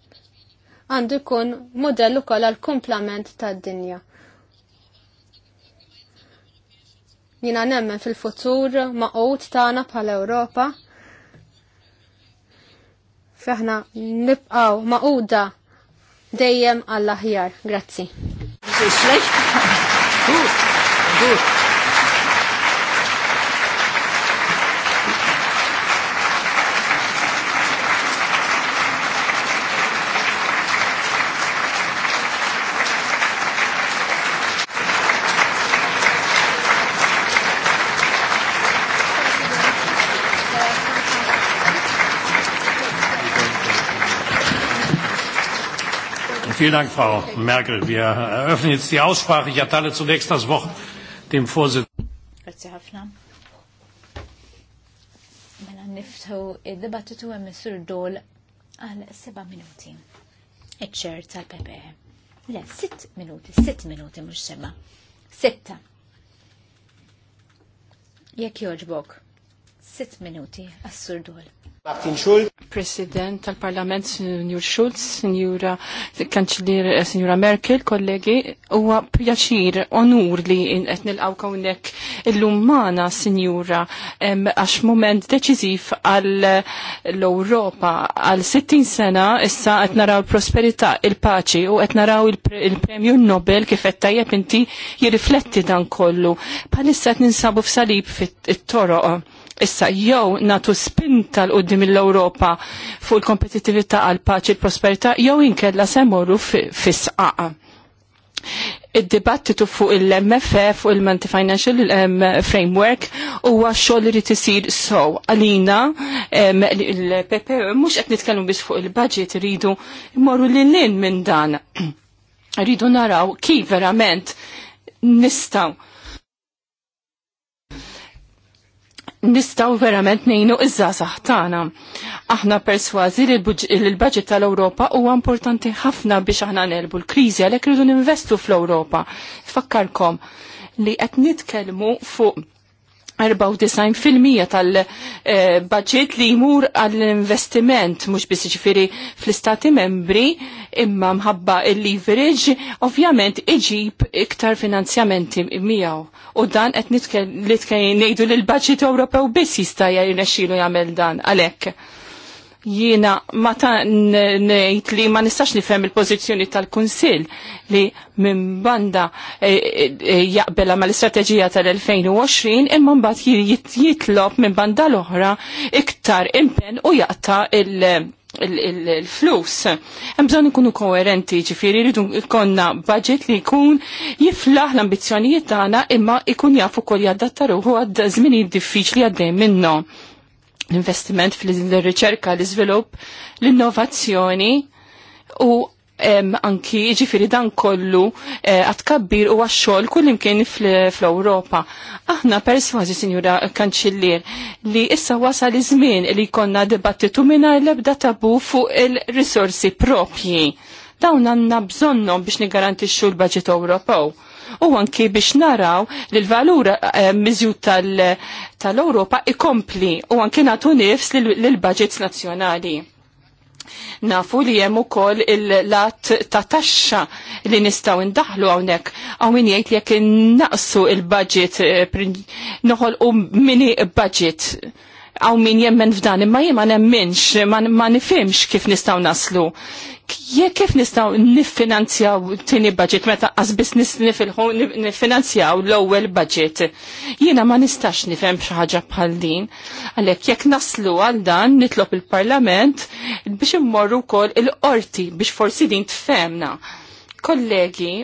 għandu jkun modell ukoll għal kumplament tad-dinja. Jina nemmen fil-futur maqut tagħna bħala Ewropa feħna nibqaw maquda dejjem għall-aħjar. Grazzi. Gut, gut. Vielen Dank, Frau Merkel. Wir eröffnen jetzt die Aussprache. Ich erteile zunächst das Wort dem Vorsitzenden. Grazie ħafna. Mela tal-PPE. Le, sitt minuti, sitt minuti mhux seba'. Sitta. Jekk joġbok, sitt minuti għas Martin Schulz. President tal-Parlament, Signor Schulz, Signora Kanċlir, eh, Signora Merkel, kollegi, huwa pjaċir, onur li qed nilqgħu hawnhekk illum magħna, Signora, għax moment deċiżiv għal l-Ewropa għal 60 sena issa qed naraw prosperità, il-paċi u qed naraw il-Premju Nobel kif qed inti jirrifletti dan kollu. Palissa qed ninsabu f'salib fit-toroq Issa jew natu spinta l qoddim l-Ewropa fuq il-kompetitività għal paċi l-prosperità jew inkella se morru fis-sqaqa. Id-dibattitu fuq il-MFF e, u il-Multi Financial ehm, Framework huwa xogħol li isir sow għalina ehm, il-PP mhux qed nitkellmu biss fuq il-budget iridu morru lil lin minn dan. Rridu naraw kif verament nistgħu nistaw verament nejnu iżza saħtana. Aħna perswazi li l-budget tal-Europa huwa importanti ħafna biex aħna nelbu l-krizi għalhekk rridu ninvestu fl-Europa. Fakkarkom li qed nitkellmu fuq 94% tal-budget li jmur għall-investiment, mux bis ġifiri fl-istati membri, imma mħabba il-leverage, ovvjament iġib iktar finanzjamenti miegħu. U dan qed li nejdu ngħidu l-budget Ewropew biss jista' jirnexxielu jagħmel dan għalhekk jiena ma ta' nejt li ma nistax nifhem il-pożizzjoni tal-Kunsill li minn banda e, e, e, jaqbela ma l-istrateġija tal-2020 imma mbagħad jitlob minn banda l-oħra iktar impen u jaqta il-flus. Hemm bżonn ikunu koerenti, ġifiri, rridu jkollna budget li jkun jiflaħ l-ambizzjonijiet tagħna imma ikun jaf ukoll jadatta ruħu għad żminijiet diffiċli għaddej minnhom l-investiment fil-riċerka, l-izvilup, l-innovazzjoni u em, anki ġifiri dan kollu eh, għatkabbir u għaxxol kullimkien fl-Europa. Aħna perswazi, Sinjura Kanċillier, li issa wasa li żmien li konna dibattitu minna l-ebda tabu fuq il-risorsi propji. Dawn għanna bżonnom biex nigarantixxu l-budget Ewropew u anki biex naraw li l-valur eh, miżjut tal-Europa ikompli u anki natu nifs l-budgets nazzjonali. Nafu li jem ukoll il-lat ta' taxxa li nistaw indaħlu hawnhekk għaw min jgħid li jekk naqsu il-budget eh, noħol u mini budget għaw min jemmen f'dan imma jien ma nemminx ma nifhimx kif nistaw naslu kif nistaw nifinanzjaw tini budget meta għazbis nisnifilħu nifinanzjaw l-ewwel budget. Jiena ma nistax nifhem xi ħaġa bħal din. Għalhekk jekk naslu għal dan nitlob il-Parlament biex immorru wkoll il-qorti biex forsi din tfemna. Kollegi,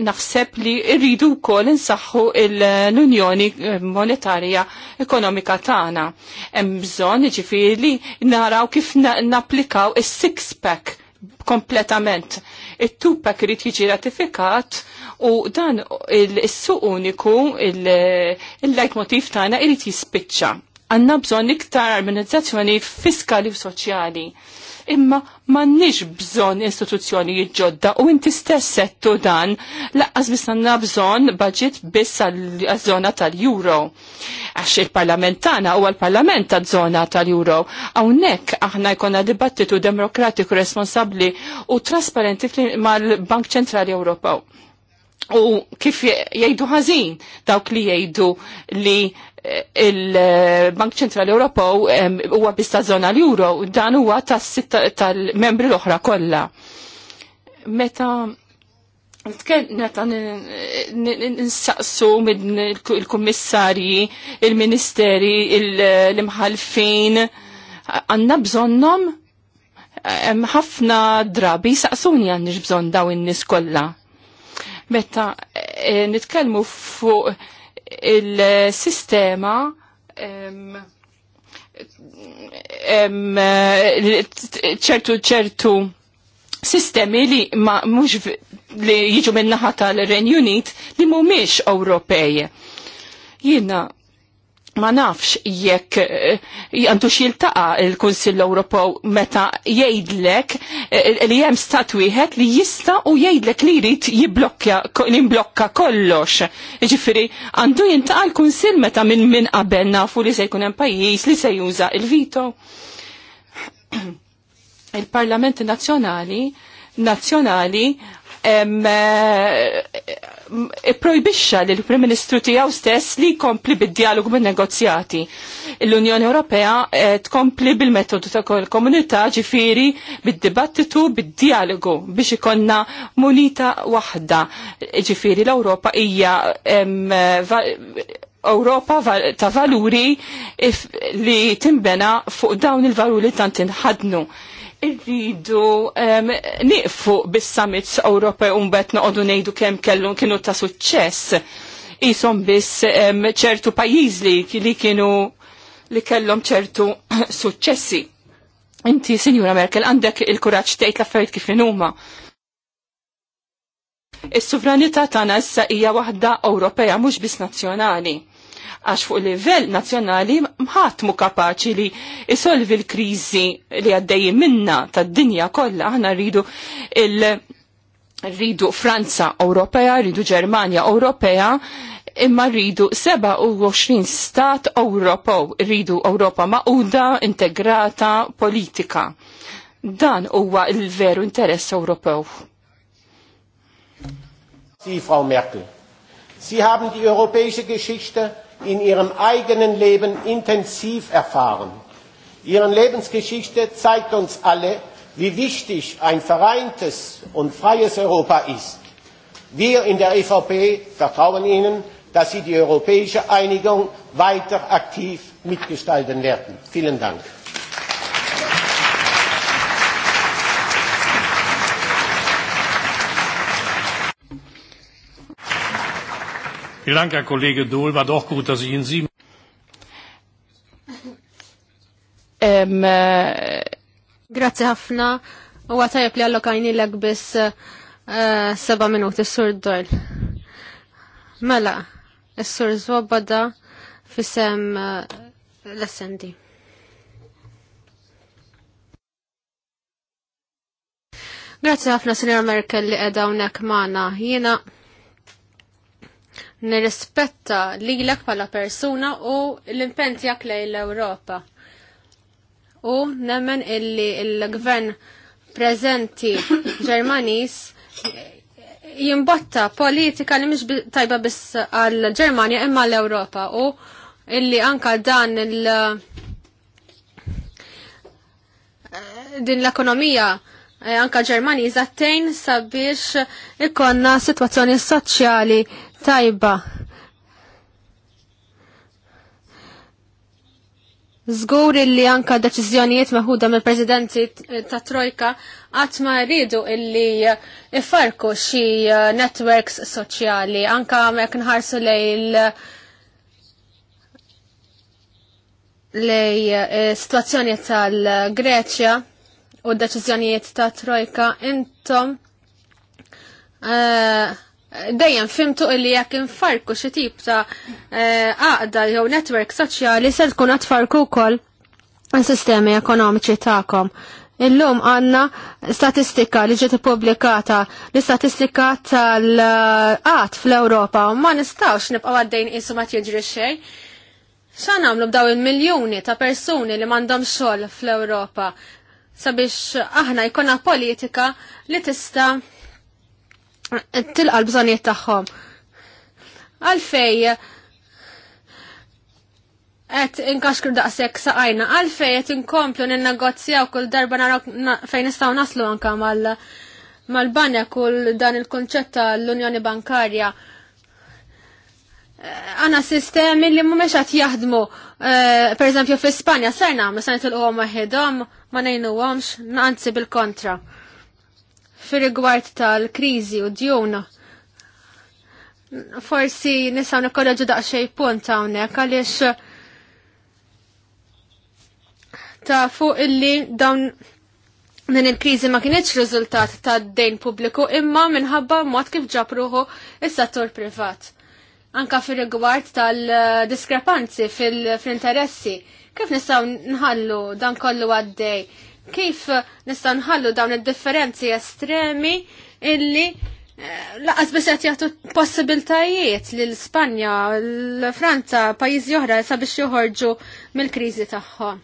naħseb li rridu wkoll insaħħu l-Unjoni Monetarja Ekonomika tagħna. Hemm bżonn li jiġifieri naraw kif napplikaw is-six pack kompletament. It-tupak irid jiġi ratifikat u dan il-suq uniku, il-lajtmotiv tagħna irid jispiċċa. Għandna bżonn iktar armonizzazzjoni fiskali u soċjali imma mannix bżon istituzzjoni ġodda u inti stess settu dan laqqas bisanna bżon budget biss għal-zona tal-euro. Għax il-parlament u għal-parlament tal-zona tal-euro. Għawnek aħna jkonna dibattitu demokratiku responsabli u trasparenti mal-Bank Ċentrali Ewropew. U kif jgħidu ħażin dawk li jgħidu li il-Bank Ċentrali Ewropew huwa bista żona l-euro u dan huwa tal-membri l-oħra kollha. Meta nsaqsu minn il-kummissarji, il-ministeri, l-imħalfin, għanna bżonnom ħafna drabi saqsuni għannix bżon daw in-nis kollha. Meta eh, nitkellmu fuq il-sistema ċertu ċertu sistemi li ma mux li jiġu minnaħata tal renjunit Unit li miex Ewropej. Jina ma nafx jekk eh, għandu xiltaqa il-Kunsill Ewropew meta jgħidlek eh, eh, li hemm stat wieħed li jista' u jgħidlek li jrid jibblokkja jimblokka kollox. Jiġifieri għandu jintaqa' l-Kunsill meta minn min qabel nafu li se jkun hemm pajjiż li se juża il-vito. Il-Parlament Nazzjonali nazzjonali projbixxa lil prim Ministru tiegħu stess li jkompli bid dialog bin-negozjati. L-Unjoni Ewropea eh, tkompli bil-metodu ta' komunità ġifieri bid-dibattitu bid-dialogu biex ikonna munita waħda. Ġifieri l-Ewropa hija Ewropa ta' valuri li timbena fuq dawn il-valuri tant inħadnu irridu um, niqfu bis-summits Ewropew u mbagħad noqogħdu ngħidu kemm kellu kienu ta' suċċess. Isom biss ċertu um, pajjiżli li, li kienu li kellhom ċertu suċċessi. Inti, Sinjura Merkel, għandek il-kuraġġ tgħid l-affarijiet kif huma. Is-sovranità tagħna issa hija waħda Ewropea mhux biss nazzjonali għax fuq livell nazzjonali mħat mu kapaċi li isolvi l-kriżi li għaddej minna tad-dinja kollha aħna rridu il- rridu Franza Ewropea, rridu Ġermanja Ewropea, imma rridu 27 stat Ewropa, rridu Ewropa maquda, integrata, politika. Dan huwa il-veru interess Ewropew. Sie, Frau Merkel, Sie haben die europäische Geschichte in ihrem eigenen Leben intensiv erfahren. Ihre Lebensgeschichte zeigt uns alle, wie wichtig ein vereintes und freies Europa ist. Wir in der EVP vertrauen Ihnen, dass Sie die europäische Einigung weiter aktiv mitgestalten werden. Vielen Dank. Vielen Dank, Herr Kollege Dohl. War doch gut, dass ich Ihnen sieben. Um, Grazie ħafna. U għatajab li għallokajni l biss bis eh, seba minuti s-sur Doyle. Mela, s-sur Zwabada fissem uh, eh, l-SND. Grazie ħafna, Sinjora Merkel, li edha unek maħna. Jena, nirrispetta lilek bħala persuna u l impenti tiegħek lejn l-Ewropa. U nemmen illi l-gvern Prezenti Ġermanis jimbotta politika li mhix tajba biss għal Ġermanja imma l-Ewropa u illi anka dan il- din l-ekonomija eh, anka Ġermani zattejn sabiex ikonna situazzjoni soċjali tajba. Zgur illi anka deċiżjonijiet maħuda mill presidenti ta' Trojka qatt ma rridu illi ifarku xi networks soċjali anka mek nħarsu lejl lej eh, situazzjoni tal-Greċja u d-deċiżjonijiet ta' Trojka intom uh, dejjem fimtu illi jekk infarku xi tip ta' eh, għaqda jew netwerk soċjali se tkun qed tfarku wkoll sistemi ekonomiċi tagħkom. Illum għanna statistika li ġiet ippubblikata l-istatistika tal-qat fl-Ewropa u ma nistgħux nibqa' għaddejn qisu ma jiġri xejn. Xa nagħmlu b'daw il-miljuni ta' persuni li m'għandhom xogħol fl-Ewropa sabiex aħna jkollna politika li tista' tilqa l-bżonijiet tagħhom. Għalfej qed inkaxkru daqshekk saqajna, għalfej qed inkomplu ninnegozjaw kull darba naraw fejn nistgħu naslu anke mal mal-banek kull dan il-konċett tal-Unjoni Bankarja. Għana sistemi li mhumiex qed jaħdmu. Eh, per eżempju, fi Spanja ser nagħmlu se nitilqu għom ma ngħinuhomx, anzi bil-kontra fir rigward tal-kriżi u djona. Forsi nisaw nikkolleġu daqsxej punt hawnhekk għaliex ta' fuq illi dawn Din il-krizi ma kienieċ riżultat ta' dejn pubbliku imma minħabba mod kif ġabruħu is-settur privat. Anka fir rigward tal-diskrepanzi fil-interessi, kif nistgħu nħallu dan kollu għaddej Kif nista' nħallu dawn id-differenzi estremi illi eh, laqas biex qed jagħtu possibiltajiet lil Spanja, l-Franza, pajjiżi oħra sabiex joħorġu mill-kriżi tagħhom.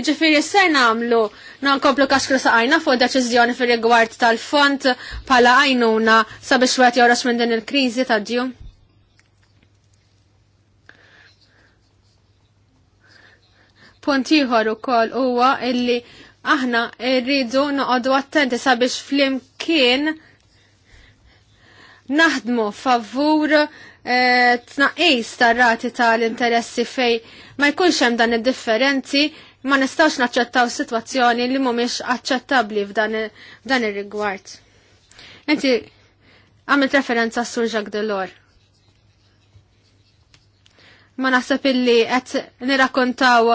Iġifiri se namlu, nankomplu kaxkru saqajna fuq deċizjoni fil rigward tal-font pala għajnuna sabiex wet jorax minn din il-krizi ta' Punt ieħor ukoll huwa illi aħna rridu noqogħdu attenti sabiex flimkien naħdmu favur eh, tnaqqis tar-rati tal-interessi fej ma jkunx hemm dan id-differenzi ma nistgħux naċċettaw situazzjoni li mhumiex aċċettabbli f'dan ir-rigward. Inti għamilt referenza sur Jacques Delors. Ma naħseb illi qed nirakkontaw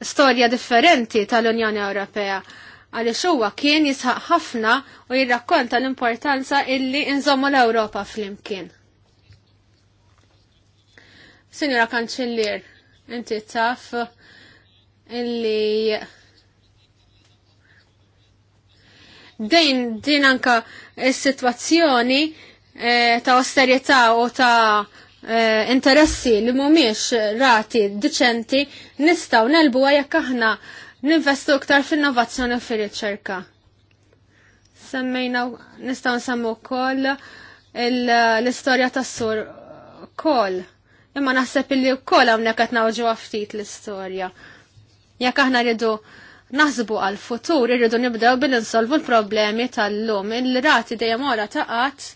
storja differenti tal-Unjoni Ewropea għaliex huwa kien jisħaq ħafna u jirrakkonta l-importanza illi nżommu l-Ewropa flimkien. Sinjora Kanċillier, inti taf illi dejn din anka s-sitwazzjoni eh, ta' austerità u ta' Eh, interessi li mumiex rati diċenti nistaw nelbu jekk aħna ninvestu iktar fil-innovazzjoni u fil-riċerka. Semmejna nistaw nsemmu wkoll l-istorja tas-sur kol. Imma naħseb illi wkoll hawnhekk qed nawġu ftit l-istorja. Jekk aħna rridu naħsbu għal-futur, rridu nibdew bil-insolvu l-problemi tal-lum. Il-rati dejjem ora taqat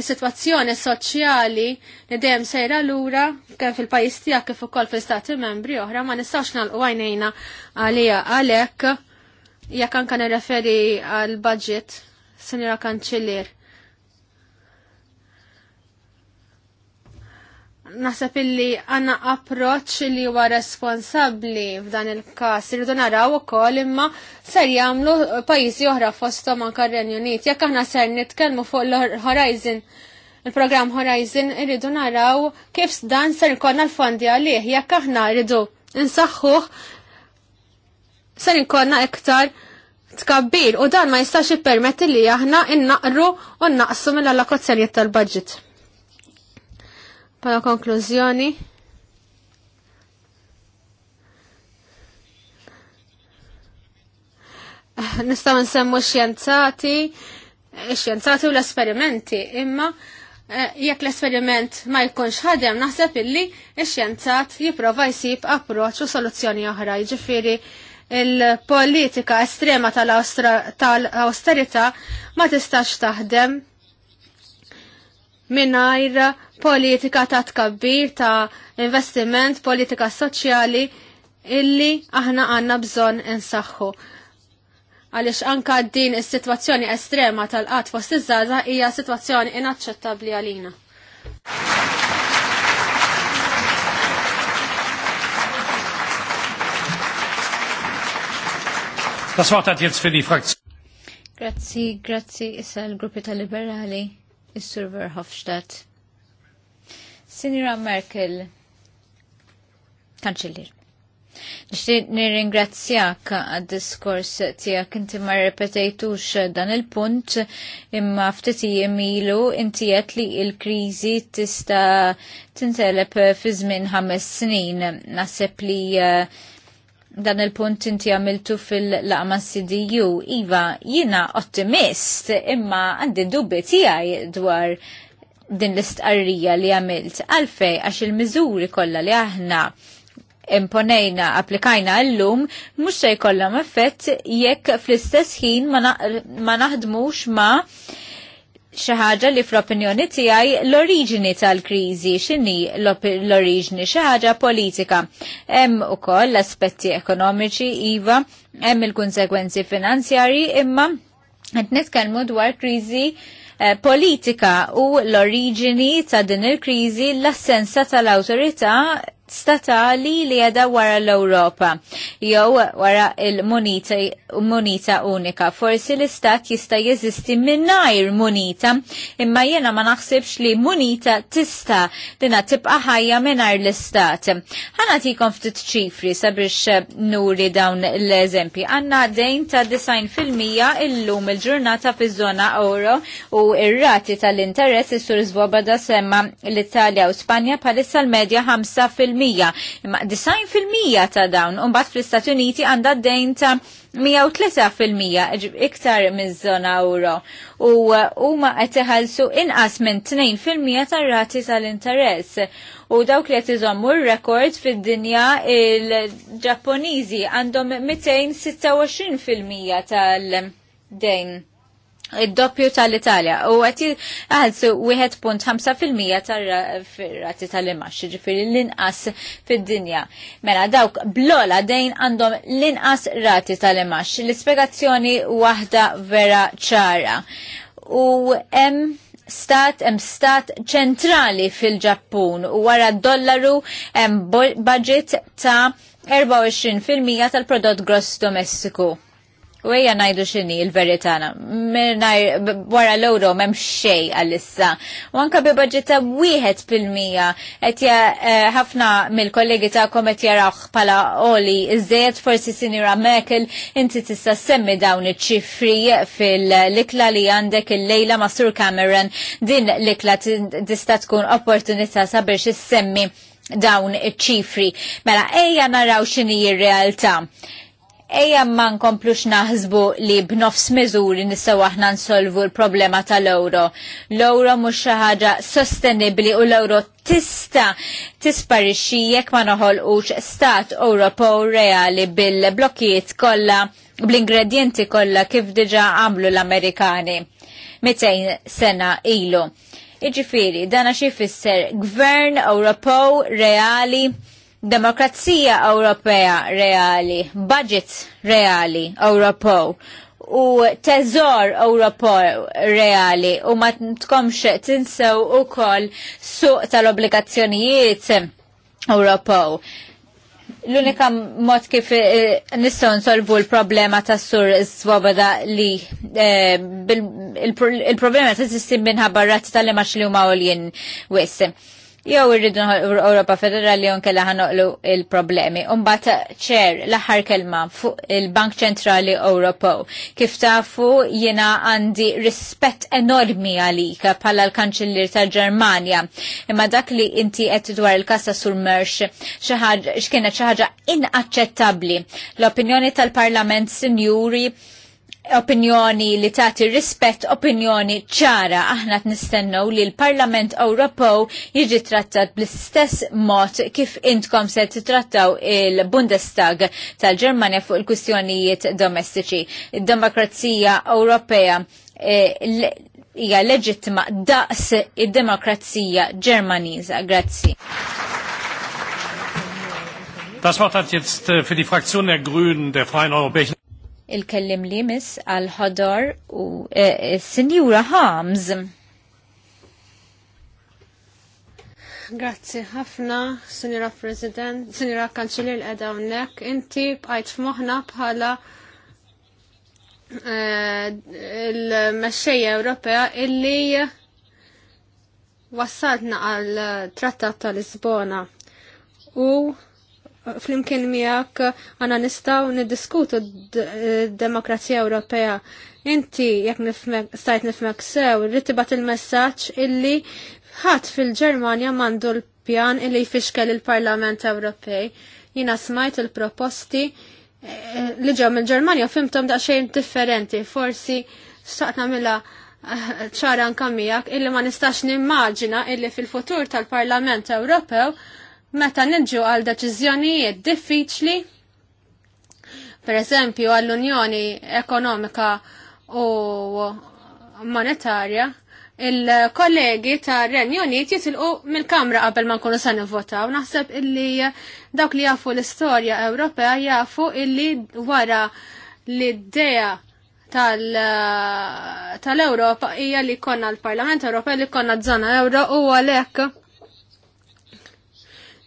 is-sitwazzjoni soċjali li dejjem sejra lura kemm fil-pajjiż tiegħek kif ukoll fil-stati membri oħra ma nistax nagħlqu għajnejna għalija għalhekk jekk anke nirreferi għall budget Sinjora Kanċillier. Naħseb illi għanna approċ li huwa responsabli f'dan il-kas. Irridu naraw ukoll imma ser jagħmlu pajjiżi oħra fosthom anke r-Renju Unit. Jekk aħna ser nitkellmu fuq l-Horizon il-programm Horizon irridu naraw kif dan ser ikollna l-fondi għalih. Jekk aħna rridu nsaħħuh ser ikollna iktar tkabbir u dan ma jistax ippermetti li aħna innaqru u naqsu mill-allokazzjonijiet tal-budget. Pala konklużjoni, nistaw nsemmu xjenzati, xjenzati u l-esperimenti, imma eh, jekk l-esperiment ma jkunx ħadem naħseb illi xjenzat jiprofa jsib approċċ u soluzzjoni oħra. Jiġifieri il-politika estrema tal-austerità ma tistax taħdem mingħajr politika ta' tkabbir ta' investiment, politika soċjali illi aħna għanna bżon insaħħu. Għalix anka din is-sitwazzjoni estrema tal qat fost iż-żaza hija sitwazzjoni inaċċettabbli għalina. Das Wort hat jetzt Grazzi, grazzi, issa l-gruppi tal-liberali. Is-Sur Verhofstadt. Sinjura Merkel, kanċellir. Nixtieq nirringrazzjak għad-diskors tiegħek inti ma repetajtux dan il-punt imma ftit ilu inti jett li l-kriżi tista' tintelep fi żmien ħames snin. Naħseb li uh, dan il-punt inti għamiltu fil-laqma CDU. Iva, jina ottimist, imma għandi dubbi tijaj dwar din l-istqarrija li għamilt. Għalfej, għax il-mizuri kolla li aħna imponejna, applikajna għallum, mux se kolla effett jekk fl-istess ħin ma naħdmux ma, na xi ħaġa li fl-opinjoni tiegħi l-oriġini tal-kriżi x'inhi l-oriġini xi ħaġa politika. Hemm ukoll l-aspetti ekonomiċi iva, hemm il-konsekwenzi finanzjarji imma qed nitkellmu dwar kriżi eh, politika u l-oriġini ta' din il-kriżi l-assenza tal-awtorità statali li għada wara l-Europa, jew wara il-munita unika. Forsi l-istat jista' jeżisti minnajr munita, imma jena ma naħsibx li munita tista dina tibqa ħajja minnajr l-istat. Ħana tikom ftit ċifri sabiex nuri dawn l-eżempi. Għanna dejn ta' 90% illum il-ġurnata fi zona oro u ir-rati tal-interess is-sur semma l-Italja u Spanja palissa l-medja 5% fil-mija, imma 90 fil-mija ta' dawn, un bat fl-Istati Uniti għandha d-dejn ta' 103% iktar miż-żona euro u huma qed iħallsu inqas minn 2% tar-rati tal-interess. U dawk li qed iżommu r-rekord fid-dinja il-Ġapponiżi għandhom 226% tal-dejn id-doppju tal-Italja u għati għalsu 1.5% tal-rati tal-imax, ġifiri l-inqas fil-dinja. Mela dawk blola dejn għandhom l-inqas rati tal-imax. l ispegazzjoni wahda vera ċara. U em stat hemm stat ċentrali fil-Ġappun u wara d-dollaru hemm budget ta' 24% tal-prodott gross domestiku U eja najdu xini il-veritana. Wara l-oro mem xej għal issa U anka bi budgeta wieħed pil mija Etja eh, ħafna mill-kollegi ta' kom komet jaraħ pala oli iżżejed forsi sinira Merkel inti tista' semmi dawn iċ-ċifri fil-likla li għandek il-lejla ma' Sur Cameron. Din likla tista' tkun opportunità sabiex is-semmi dawn iċ-ċifri. Mela ejja naraw xini jir realtà Eja ma nkomplux naħsbu li b'nofs miżuri nistgħu aħna nsolvu l-problema tal ewro l ewro mhux xi ħaġa sostenibbli u l ewro tista tisparixxi jekk ma noħolqux stat Ewropew reali bil-blokkijiet kollha bl-ingredjenti kollha kif diġà għamlu l-Amerikani. 200 sena ilu. Iġifieri, dana xi fisser gvern Ewropew reali demokrazija Ewropea reali, budget reali Ewropew u teżor Ewropo reali u ma tkomx tinsew ukoll suq tal-obbligazzjonijiet Ewropew l-unika mod kif eh, nistgħu nsolvu l-problema tas sur swoboda li eh, il-problema ta' sistim minħabba rat tal-imax li huma għoljen wis jew irridu Europa Federali un kella ħanoqlu il-problemi. Umbagħad ċer l-aħħar kelma fuq il-Bank Ċentrali Ewropew. Kif tafu jiena għandi rispett enormi għalika bħala l-Kanċellier tal-Ġermanja. Imma dak li inti qed dwar il-kassa sur Mers x'kienet xaħġa xi ħaġa inaċċettabbli. L-opinjoni tal-Parlament Sinjuri opinjoni li tagħti rispett opinjoni ċara aħna nistennew li l-Parlament Ewropew jiġi trattat bl-istess mod kif intkom se trattaw il-Bundestag tal-Ġermanja fuq il-kwistjonijiet domestiċi. il demokrazija Ewropea eh, hija leġittima daqs id-demokrazija Ġermaniża. Grazzi. Das Wort hat jetzt äh, für die Fraktion der Grünen der Freien Europäischen il-kellim li mis għal-ħodor u s-sinjura e, e, Hams. Grazzi ħafna, Sinjura President, Sinjura Kanċilir l-edaw nek, inti bqajt f'moħna bħala e, il mesċeja Ewropea illi wassadna għal trattat tal-Lisbona u flimkien miegħek għana nistgħu niddiskutu d-demokrazija Ewropea. Inti jekk stajt nifmek sew, rittibat il-messaġġ illi ħadd fil-Ġermanja m'għandu l-pjan illi jfixkel il-Parlament Ewropej. Jina smajt il-proposti eh, li ġew mill-Ġermanja fimtom daqsxejn differenti, forsi staqt nagħmilha eh, ċara anka miegħek illi ma nistax nimmaġina illi fil-futur tal-Parlament Ewropew meta nidġu għal deċiżjonijiet diffiċli, per eżempju għall-Unjoni Ekonomika u Monetarja, il-kollegi ta' Renju Unit jitilqu mill-Kamra qabel ma nkunu sa' nivvotaw. Naħseb illi dawk li jafu l-istorja Ewropea jafu illi wara l-idea tal-Europa tal hija li konna l-Parlament Ewropew li konna Zona euro u għalek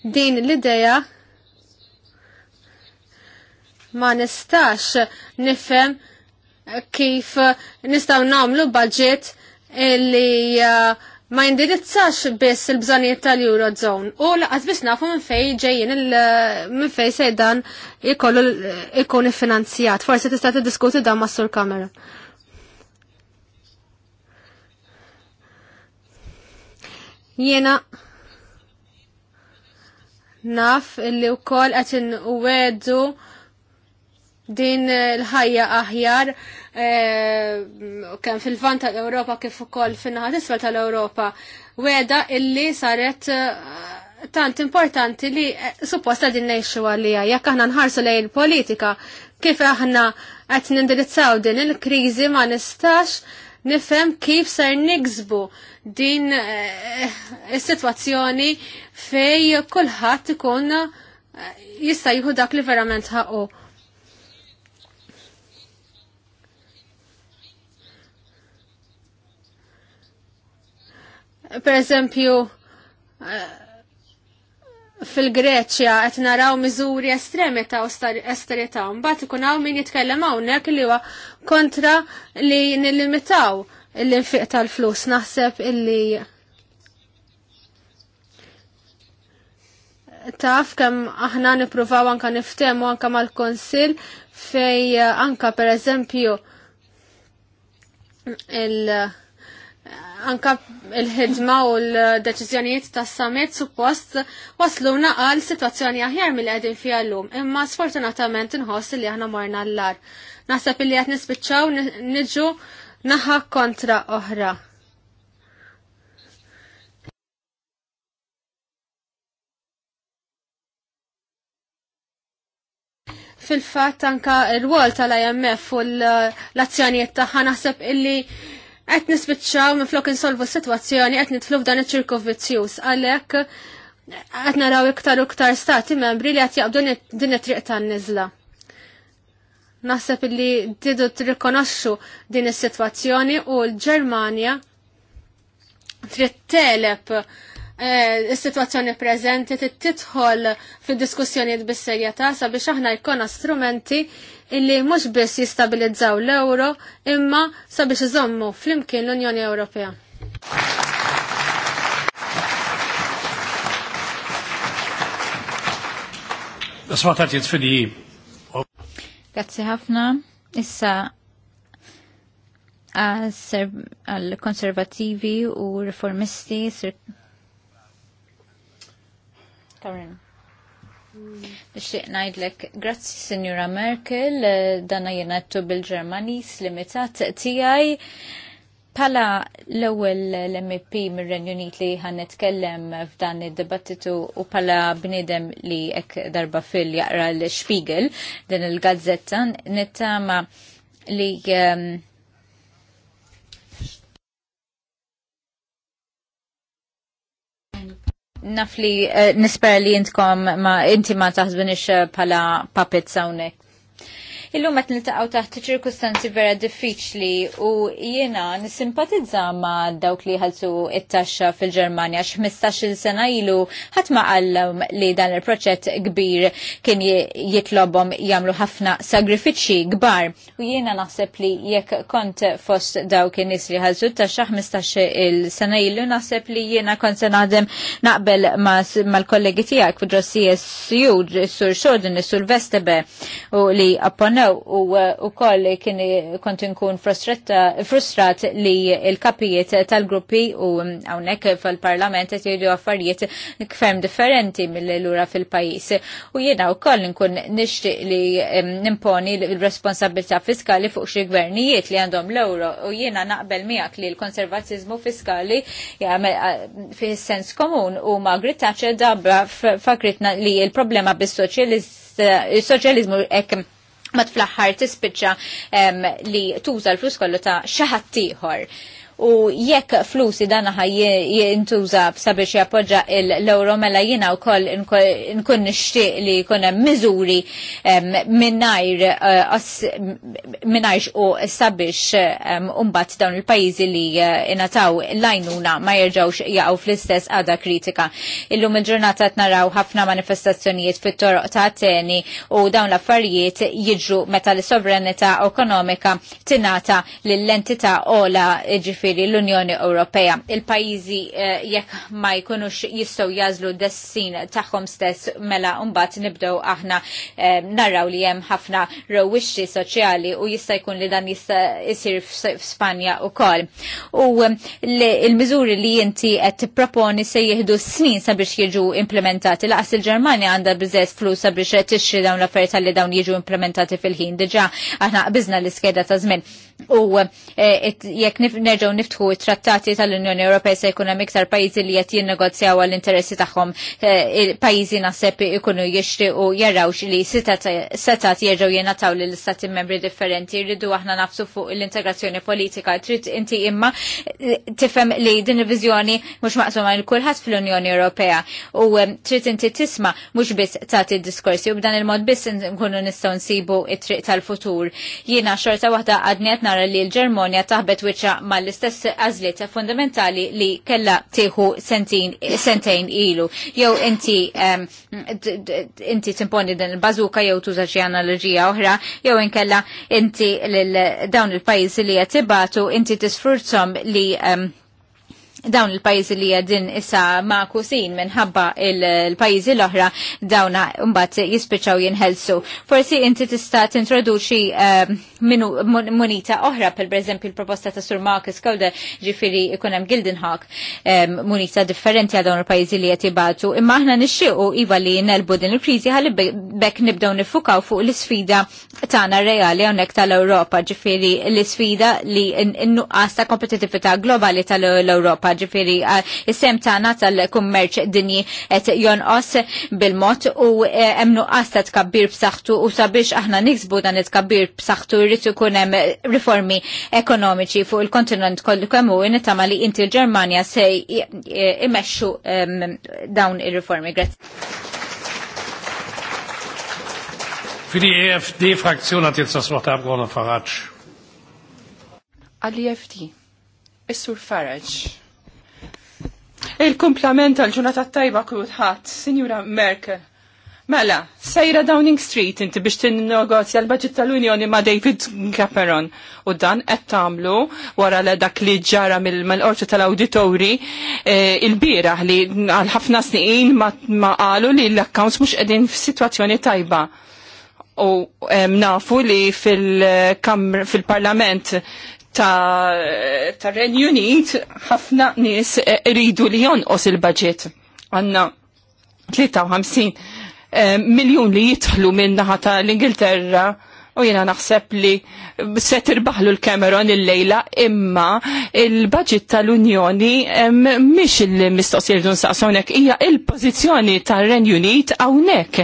din l-ideja ma nistax nifhem kif nistaw namlu budget li uh, ma jindirizzax biss il-bżonijiet tal-Eurozone u laqas biss nafu minn fej ġejjin uh, minn fej sejdan ikollu uh, ikun iffinanzjat. Forsi tista' tiddiskuti dan mas-sur kamera. Jena naf illi u kol għatin u weddu din l-ħajja aħjar eh, kemm fil van tal-Ewropa kif ukoll fin-naħa isfel tal-Ewropa weda illi saret eh, tant importanti li eh, supposta din neħxu għalija jekk aħna nħarsu lejn politika kif aħna qed nindirizzaw din il-kriżi ma nistax nifhem kif ser nigzbu din eh, is-sitwazzjoni fej kulħadd ikun eh, jista' jieħu dak li verament ħaqo. Per eżempju, eh, fil-Greċja qed naraw miżuri estremi ta' esterità. mbagħad ikun hawn min jitkellem hawnhekk li huwa kontra li nillimitaw l-infiq tal-flus naħseb illi taf kemm aħna nippruvaw anka niftehmu anka mal kunsill fej anka pereżempju il- anka il-ħidma u l-deċizjonijiet tas summit suppost wasluna għal situazzjoni aħjar mill qegħdin fiha llum, imma sfortunatament inħoss li aħna morna l-lar. Naħseb li qed nispiċċaw niġu naħa kontra oħra. fil-fat anka r wol tal-IMF u l-azzjonijiet tagħha naħseb illi qed nispiċċaw minflok insolvu s-sitwazzjoni qed dan f'dan vizzjus, għalek għet għalhekk qed naraw iktar u iktar stati membri li qed jgħabdu din it-triq tan-niżla. Naħseb illi didu tirrikonoxxu din is-sitwazzjoni u l ġermania trittelep telep Eh, is-sitwazzjoni preżenti titħol fid-diskussjonijiet bis-serjetà sabiex aħna jkollna strumenti illi mhux biss jistabilizzaw l-euro imma sabiex iżommu flimkien l-Unjoni Ewropea. Grazie ħafna. Issa għal konservativi u reformisti, Karen. Hmm. Nixtieq ngħidlek, grazzi Signora Merkel, dana jena bil-Ġermanis limitat tiegħi. Pala l-ewwel l-MP mir-Renju Unit li ħan nitkellem f'dan id-dibattitu u pala bnidem li hekk darba fil jaqra l-Spiegel din il-gazzetta nittama li um, naf li eh, nisper li intkom ma inti ma taħsbinix eh, pala puppets hawnhekk. Illum qed niltaqgħu taħt ċirkustanzi vera diffiċli u jiena nissimpatizza ma' dawk li ħalsu it-taxxa fil-Ġermanja x'15-il sena ilu ħadd ma qallhom li dan il-proċett kbir kien jitlobhom jagħmlu ħafna sagrifiċċji kbar u jiena naħseb li jekk kont fost dawk in-nies li ħalsu t taxxa 15-il sena ilu naħseb li jiena kont se naħdem naqbel mal-kollegi tiegħek fid-drossijes Sjud, sur Xodin, is-Sur Vestebe u li apponna jistennew u wkoll kien kont inkun frustrat li l-kapijiet tal-gruppi u hawnhekk um, fil-Parlament qed jgħidu affarijiet kfem differenti mill-lura fil-pajjiż. U jiena wkoll nkun nixtieq li um, nimponi l-responsabilità fiskali fuq xi gvernijiet li għandhom l-euro u jiena naqbel miegħek li l-konservatizmu fiskali jagħmel uh, fi sens komun u ma Grittaċe dabra fakritna li l problema bis-soċjalizmu uh, hekk mat fl-aħħar tispiċċa li tuża l-flus kollu ta' xaħat ieħor u jekk flusi dan ħaj jintuża sabiex jappoġġa l-euro mela jina u koll nkun nixtieq li jkun hemm miżuri minnajr eh, minnajx u sabiex umbat dawn il-pajjiżi li eh, inataw lajnuna ma jirġawx jaqgħu fl-istess għada kritika. Illum il-ġurnata naraw ħafna manifestazzjonijiet fit-toroq ta' teni u dawn l-affarijiet jiġru meta l-sovranità ekonomika tinata lill entita ola ġifi ġifiri l-Unjoni Ewropea. Il-pajizi eh, jekk ma jkunux jistgħu jazlu dessin taħħom stess mela umbat nibdew aħna eh, narraw li jem ħafna rowixxi soċjali u jista' jkun li dan jista' jisir f'Spanja u kol. Eh, u il-miżuri li jinti qed proponi se jihdu snin sabiex jiġu implementati. Laqas il-Ġermanja għandha biżess flus sabiex tixxi dawn l-affarijiet li dawn jiġu implementati fil-ħin. Diġà aħna qbiżna l-iskeda ta' żmien. U jekk nerġgħu niftħu it-trattati tal-Unjoni Ewropea se jkun hemm iktar pajjiżi li qed jinnegozjaw għall-interessi tagħhom eh, pajjiżi naħseb ikunu jixtiequ jarawx li setat jerġgħu jingħataw lill istati membri differenti jridu aħna nafsu fuq l-integrazzjoni politika trid inti imma eh, tifhem li din il-viżjoni mhux maqsuma l kulħadd fl-Unjoni Ewropea u eh, trid inti tisma' mhux biss tagħti diskorsi u b'dan il-mod biss nkunu nistgħu nsibu it-triq tal-futur. Jiena xorta waħda għadniet nara li l-Ġermonja taħbet wiċċa mal-istat l-istess għazliet fundamentali li kella tieħu sentejn ilu. Jew inti inti timponi din il bazuka jew tuża xi analoġija oħra, jew inkella inti dawn il-pajjiżi li qed tibatu inti tisfrurzhom li dawn il pajjiżi li din issa ma' kusin minħabba il pajjiżi l-oħra dawna mbagħad jispiċċaw jinħelsu. Forsi inti tista' tintroduċi monita oħra, per eżempju il-proposta ta' Sur Marcus Kawda ġifiri ikunem Gildenhawk monita differenti għadawn il pajjiżi li jatibatu. Imma aħna nixxiqu iva li nelbu din il-krizi għalli bekk nibdew nifukaw fuq l-sfida tana reali għonek tal-Europa ġifiri l-sfida li n-nuqqas ta' kompetitivita globali tal-Europa ġifiri il-sem tana tal-kummerċ dinji et jonqos bil-mot u eh, nuqqas ta tkabbir b'saħħtu u sabiex aħna niksbu dan it-tkabbir b'saħħtu irrid ikun hemm riformi ekonomiċi fuq il-kontinent kollu kemmu in tama li inti l-Ġermanja se imexxu dawn ir-riformi. Grazzi. Für die EFD-Fraktion hat jetzt das Wort der Abgeordnete Farage. Ali efd ist sur Farage. Il-komplament għal-ġunata tajba kulħadd, Signora Merkel Mela, sejra Downing Street inti biex tinnegozja l-budget tal-Unjoni ma' David Cameron u dan qed tagħmlu wara l dak li ġara mill-qorti tal-awditori eh, il-bieraħ li għal ħafna snin ma qalu li l-accounts mhux qegħdin f'sitwazzjoni tajba. U nafu li fil-parlament ta' ta' Renju Unit ħafna nies eh, iridu li jonqos il-budget. Għanna 53 Eh, miljon li jitħlu minn naħa tal-Ingilterra u jena naħseb li se tirbaħlu l-Cameron il-lejla imma il-budget tal-Unjoni mhix il mistoqs jirdun saqsonek hija il-pożizzjoni tar-Ren Unit hawnhekk.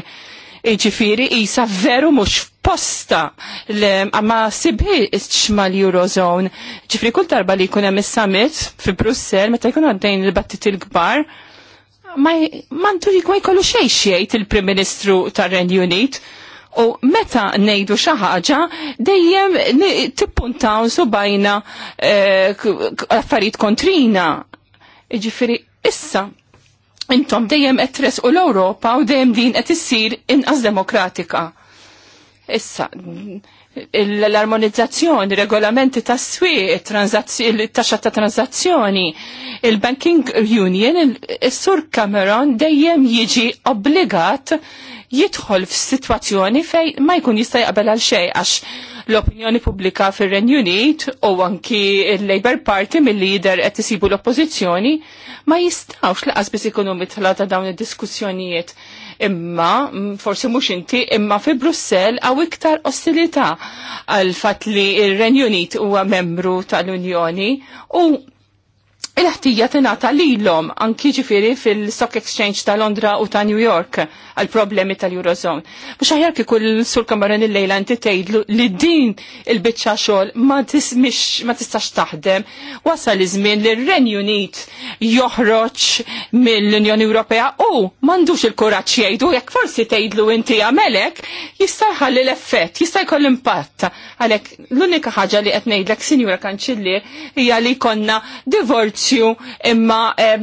Iġifiri isa veru mhux posta ma sibħiċ ma l-Eurozone. Ġifri kull darba li jkun hemm is-summit fi Brussel meta jkun għaddejn il-battit il-kbar, il battit il gbar il battit il kbar ma jkollu xejn xejt il-Prim Ministru tar-Renju Unit. U meta nejdu xaħġa, dejjem tippuntaw subajna eh, affarijiet kontrina. Ġifiri, issa, intom dejjem etres u l-Europa u dejjem din qed issir inqas demokratika. Issa, l-armonizzazzjoni, regolamenti ta' swieq, taxa ta' transazzjoni, il-Banking Union, il-Sur Cameron dejjem jiġi obbligat jidħol f'sitwazzjoni fej ma jkun jista' jaqbel għal xej għax l-opinjoni pubblika fir-Renju Unit u anki il-Labor Party mill-lider qed isibu l-oppożizzjoni ma jistgħux laqas biss ikunu mitla ta' dawn id-diskussjonijiet imma forsi mhux inti imma fi Brussell għaw iktar ostilità għal fatt li ir-Renju Unit huwa membru tal-Unjoni u il-ħtija tinata lilhom anki ġifiri fil-Stock Exchange ta' Londra u ta' New York għal problemi tal-Eurozone. ħajar ki kull sur kamarin il-lejla inti tgħidlu li din il-biċċa xogħol ma tistax taħdem wasal li żmien li r-Renju Unit joħroġ mill-Unjoni Ewropea u m'għandux il-kuraġġ jgħidu jekk forsi tgħidlu inti għamelek jista' jħalli l-effett, jista' jkoll impatt. Għalhekk l-unika ħaġa li qed ngħidlek, Sinjura Kanċillier, hija li konna divorzju divorzju imma eh,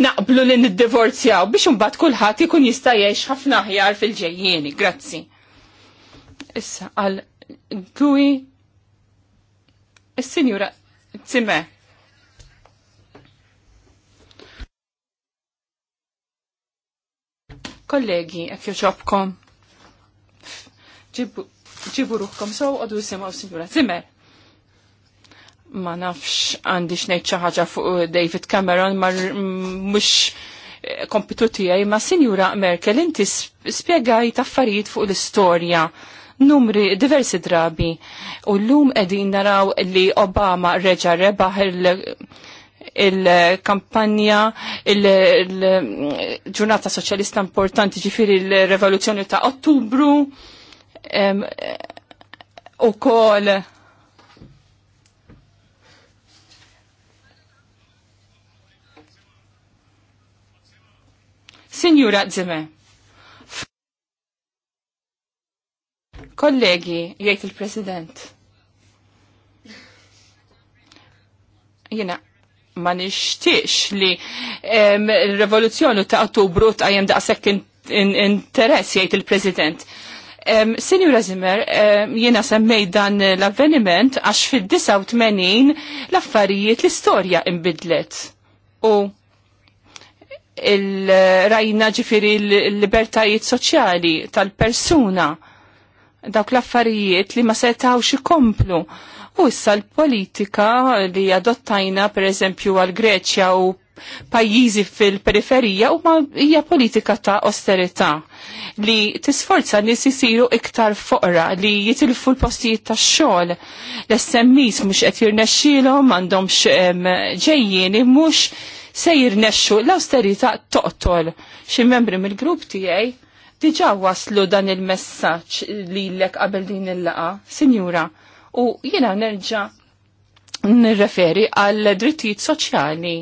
naqblu li niddivorzjaw biex imbagħad kulħadd ikun jista' jgħix ħafna aħjar fil-ġejjieni. Grazzi. Issa għal dwi Is-Sinjura Zime. Kollegi, jekk joġobkom. Ġibu ruħkom, so għadu jisimaw Sinjura Zime ma nafx għandi xnejt xi ħaġa fuq David Cameron ma mhux kompitu tiegħi ma Sinjura Merkel inti spjegajt affarijiet fuq l-istorja numri diversi drabi u llum qegħdin naraw li Obama reġa rebaħ il-kampanja il-ġurnata soċjalista importanti ġifiri il-revoluzzjoni ta' Ottubru u kol Sinjura Zime. Kollegi, jgħid il-President. Jena, ma nishtiex li il-revoluzzjoni ta' ottubru ta' jem da' sekk interess jgħid il-President. Signora Zimmer, um, jiena semmej dan l-avveniment għax fid-89 l-affarijiet l-istorja imbidlet. U il-rajna ġifiri l-libertajiet soċjali tal-persuna dawk l-affarijiet li ma setawx ikomplu. U issa l-politika li adottajna per eżempju għal Greċja u pajjiżi fil-periferija u ma hija politika ta' austerità li tisforza nis jisiru iktar foqra li jitilfu l-postijiet ta' xogħol. L-SMIs mhux qed jirnexxielhom m'għandhomx ġejjien mhux se jirnexxu l-austerità toqtol. Xi membri mill-grupp tiegħi diġà waslu dan il-messaġġ lilek qabel din il-laqa, Sinjura, u jiena nerġa' nirreferi għal drittijiet soċjali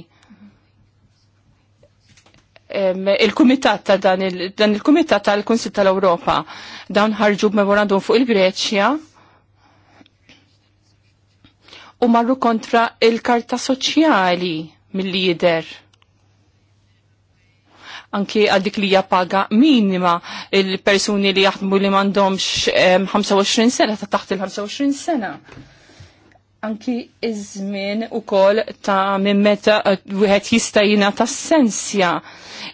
il-Kumitat ta' dan il-Kumitat tal-Kunsil tal-Ewropa dawn ħarġu b'memorandum fuq il-Greċja u marru kontra il-Karta Soċjali milli jider. Anki għaddik li hija paga minima il-persuni li jaħdmu li m'għandhomx 25 sena ta' taħt il-25 sena. Anki iż-żmien ukoll ta' minn meta eh, wieħed jista' ta' sensja.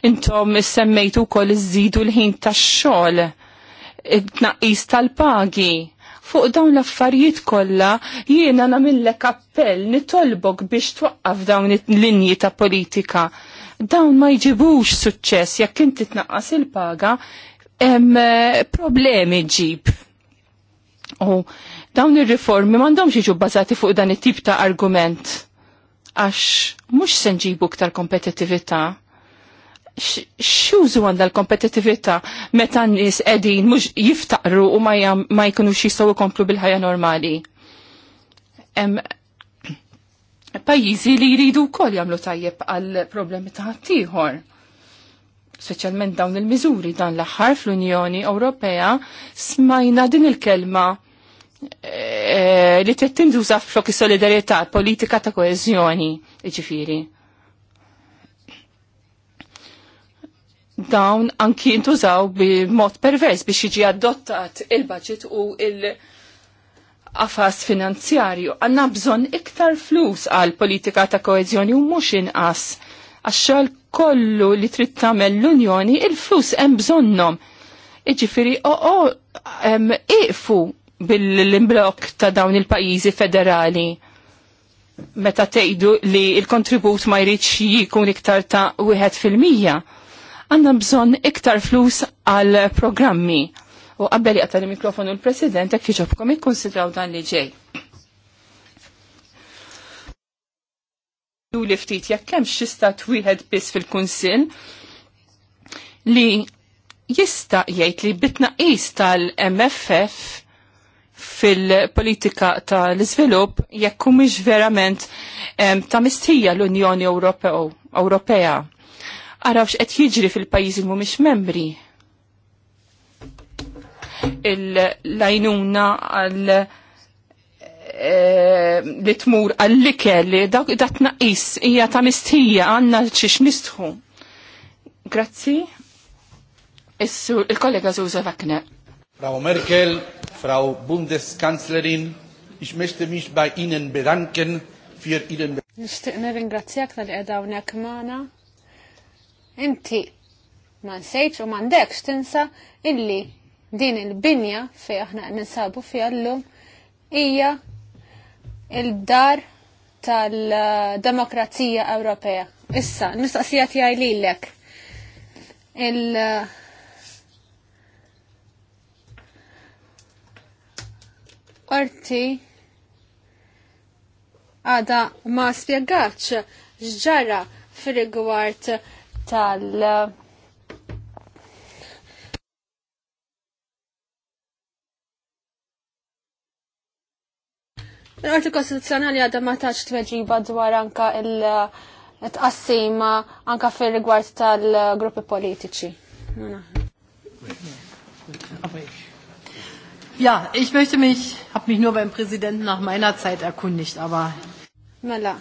Intom semmejtu wkoll iżidu l-ħin tax-xogħol it-tnaqqis tal-pagi Fuq dawn l-affarijiet kollha jiena nagħmillek appell nitolbok biex twaqqaf dawn il linji ta' politika. Dawn ma jġibux suċċess jekk inti tnaqqas il-paga hemm eh, problemi ġib. U dawn ir-riformi m'għandhomx jiġu bbażati fuq dan it-tip ta' argument għax mhux se nġibu iktar kompetittività xużu għanda l-kompetitivita meta n-nis edin mux jiftaqru u ma jkunux jistaw komplu bil-ħajja normali. pajizi li jridu kol jamlu tajjeb għal problemi ta' tiħor. Speċjalment dawn il-miżuri dan l-aħħar fl-Unjoni Ewropea smajna din il-kelma eh, li trid tinduża flok is-solidarjetà politika ta' koeżjoni, ġifieri dawn anki intużaw b'mod pervers biex jiġi adottat il-budget u il affas finanzjarju. Għanna bżon iktar flus għal politika ta' koezjoni u mux inqas għaxxol kollu li trid tagħmel l-Unjoni il-flus hemm bżonnhom. Iġifieri oqo iqfu bil-imblok ta' dawn il-pajjiżi federali meta tgħidu li l-kontribut ma jridx jikun iktar ta' wieħed fil-mija għanna bżonn iktar flus għal programmi. U qabel jaqta il mikrofonu l-President, jekk jġobkom ikkonsidraw dan li ġej. U li ftit jekk kem xista wieħed biss fil-Kunsill li jista' jgħid li bitnaqis tal-MFF fil-politika tal-izvilup jekk mhux verament ta' mistija l-Unjoni Ewropea arawx qed jiġri fil-pajjiżi mhumiex membri. Il-lajnuna għal eh, li tmur għall-ikel li dak da tnaqis hija ta' mistija għandna xiex nistħu. Grazzi. Il-kollega Zuza Vakne. Frau Merkel, Frau Bundeskanzlerin, ich möchte mich bei Ihnen bedanken für Ihren Nishtiq nirringrazzjak tal-qeda hawnhekk magħna Inti ma nsejtx u m'għandekx tinsa illi din il-binja fej aħna ninsabu fi għallum hija il-dar tal-demokrazija Ewropea. Issa, mistaqsija jajlilek. lilek. Il- Orti għada ma spiegax ġġara fil-rigward tal- Il-Qorti Kostituzzjonali għadha ma tax tweġiba dwar anka il tqassima anka fir rigward tal-gruppi politiċi. Ja, ich möchte mich, hab mich nur beim Präsidenten nach meiner Zeit erkundigt, aber. Mela,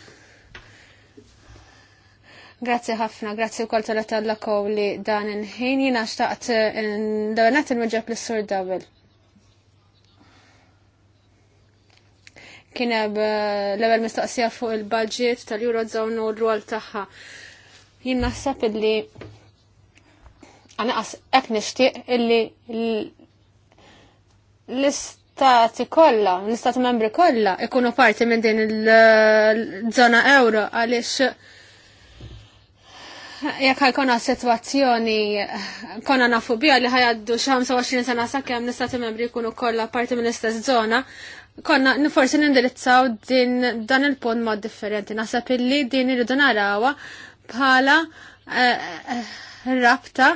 Grazzi ħafna, grazie u kol tal li dan il-ħin jina xtaqt dawenat eh, il-mġab l-sur Dabel. kieneb eh, level mistaqsija fuq il-budget tal-Eurozone u l-rol tagħha. Jien naħseb illi għanaqas hekk nixtieq illi l-istati kollha, l-istati membri kollha ikunu parti minn din il eh, zona euro għaliex jekk ħajkonna situazzjoni konna nafu bija li ħajaddu xi 25 sena sakemm l-istati membri jkunu kollha parti mill-istess żona, konna forsi nindirizzaw din dan il-punt mod differenti. Naħseb illi din irridu narawha bħala eh, eh, rabta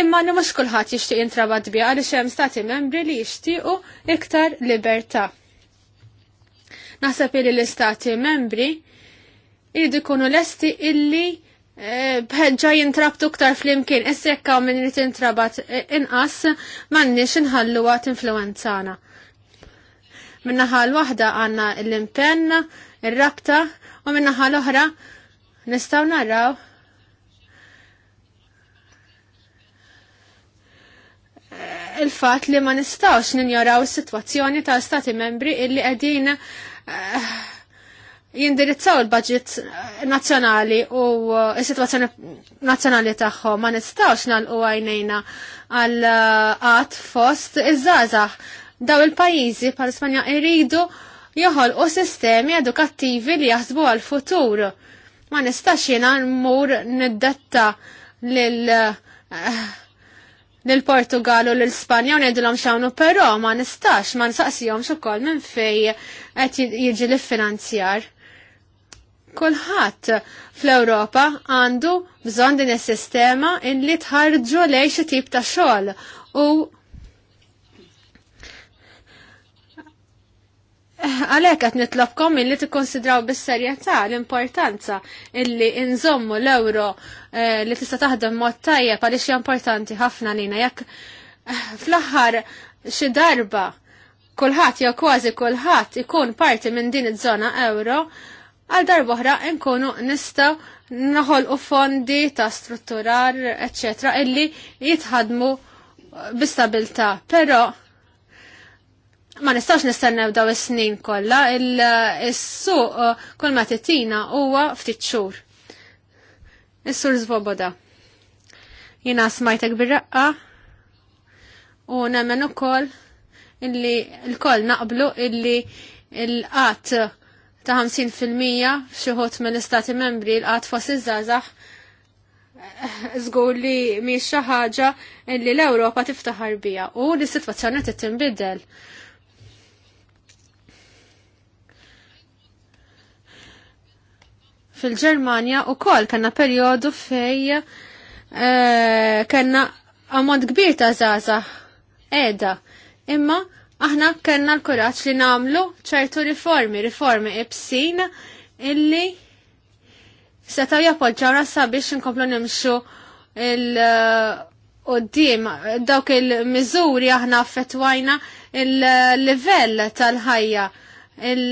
imma li mhux kulħadd jixtieq jintrabad biha għaliex hemm stati membri li jixtiequ iktar libertà. Naħseb illi l-istati membri jridu jkunu lesti illi Eh, bħedġa jintrabtu ktar fl-imkien, essekka minn rrit intrabat eh, inqas, manni xinħallu għat influenzana. Minnaħal wahda għanna l-impenna, il-rabta, u l oħra nistaw narraw il-fat li ma nistawx ninjoraw s-situazzjoni ta' stati membri illi għedin eh, jindirizzaw il-budget nazzjonali u uh, il-situazzjoni nazzjonali tagħhom ma nistgħux nagħlqu għajnejna għal qatt uh, fost iż-żgħażagħ daw il-pajjiżi bħal Spanja jridu joħolqu sistemi edukattivi li jaħsbu għal futur. Ma nistax jiena nmur niddetta uh, lil portugal u l-Spanja u ngħidulhom xawnu però ma nistax ma jom ukoll minn fej qed jiġi l-finanzjar. Kulħadd fl-Ewropa għandu bżonn din is-sistema in li tħarġu lejn xi tip ta' xogħol u Għalek għat nitlobkom t tikkonsidraw bis-serjetà l-importanza li inżommu l-euro eh, li tista' taħdem mod tajjeb għaliex importanti ħafna lina jekk eh, fl-aħħar xi darba kulħadd jew kważi kulħadd ikun parti minn din iż-żona euro, għal darboħra nkunu nistaw naħol u fondi ta' strutturar, etc. illi jitħadmu eh, bistabilta. Pero ma nistax nistennew daw is-snin kollha, is-suq eh, kull ma titina huwa ftit xhur. Is-sur Zvoboda. Jiena smajtek bir-raqqa u nemmen ukoll illi l-koll naqblu illi l-qatt ta' 50% f'xi mill-istati membri l-qatt fost iż-żgħażagħ eh, żgur li mhix xi ħaġa li l-Ewropa tiftaħar biha u li s-sitwazzjoni qed tinbidel. Fil-Ġermanja u kol kanna perjodu fej eh, kanna għamont kbir ta' zaza edha. Imma aħna kellna l-kuraġġ li nagħmlu ċertu riformi, riformi ibsin illi setaw jappoġġaw rassa biex nkomplu nimxu il- qoddim dawk il-miżuri aħna affettwajna il-livell tal-ħajja il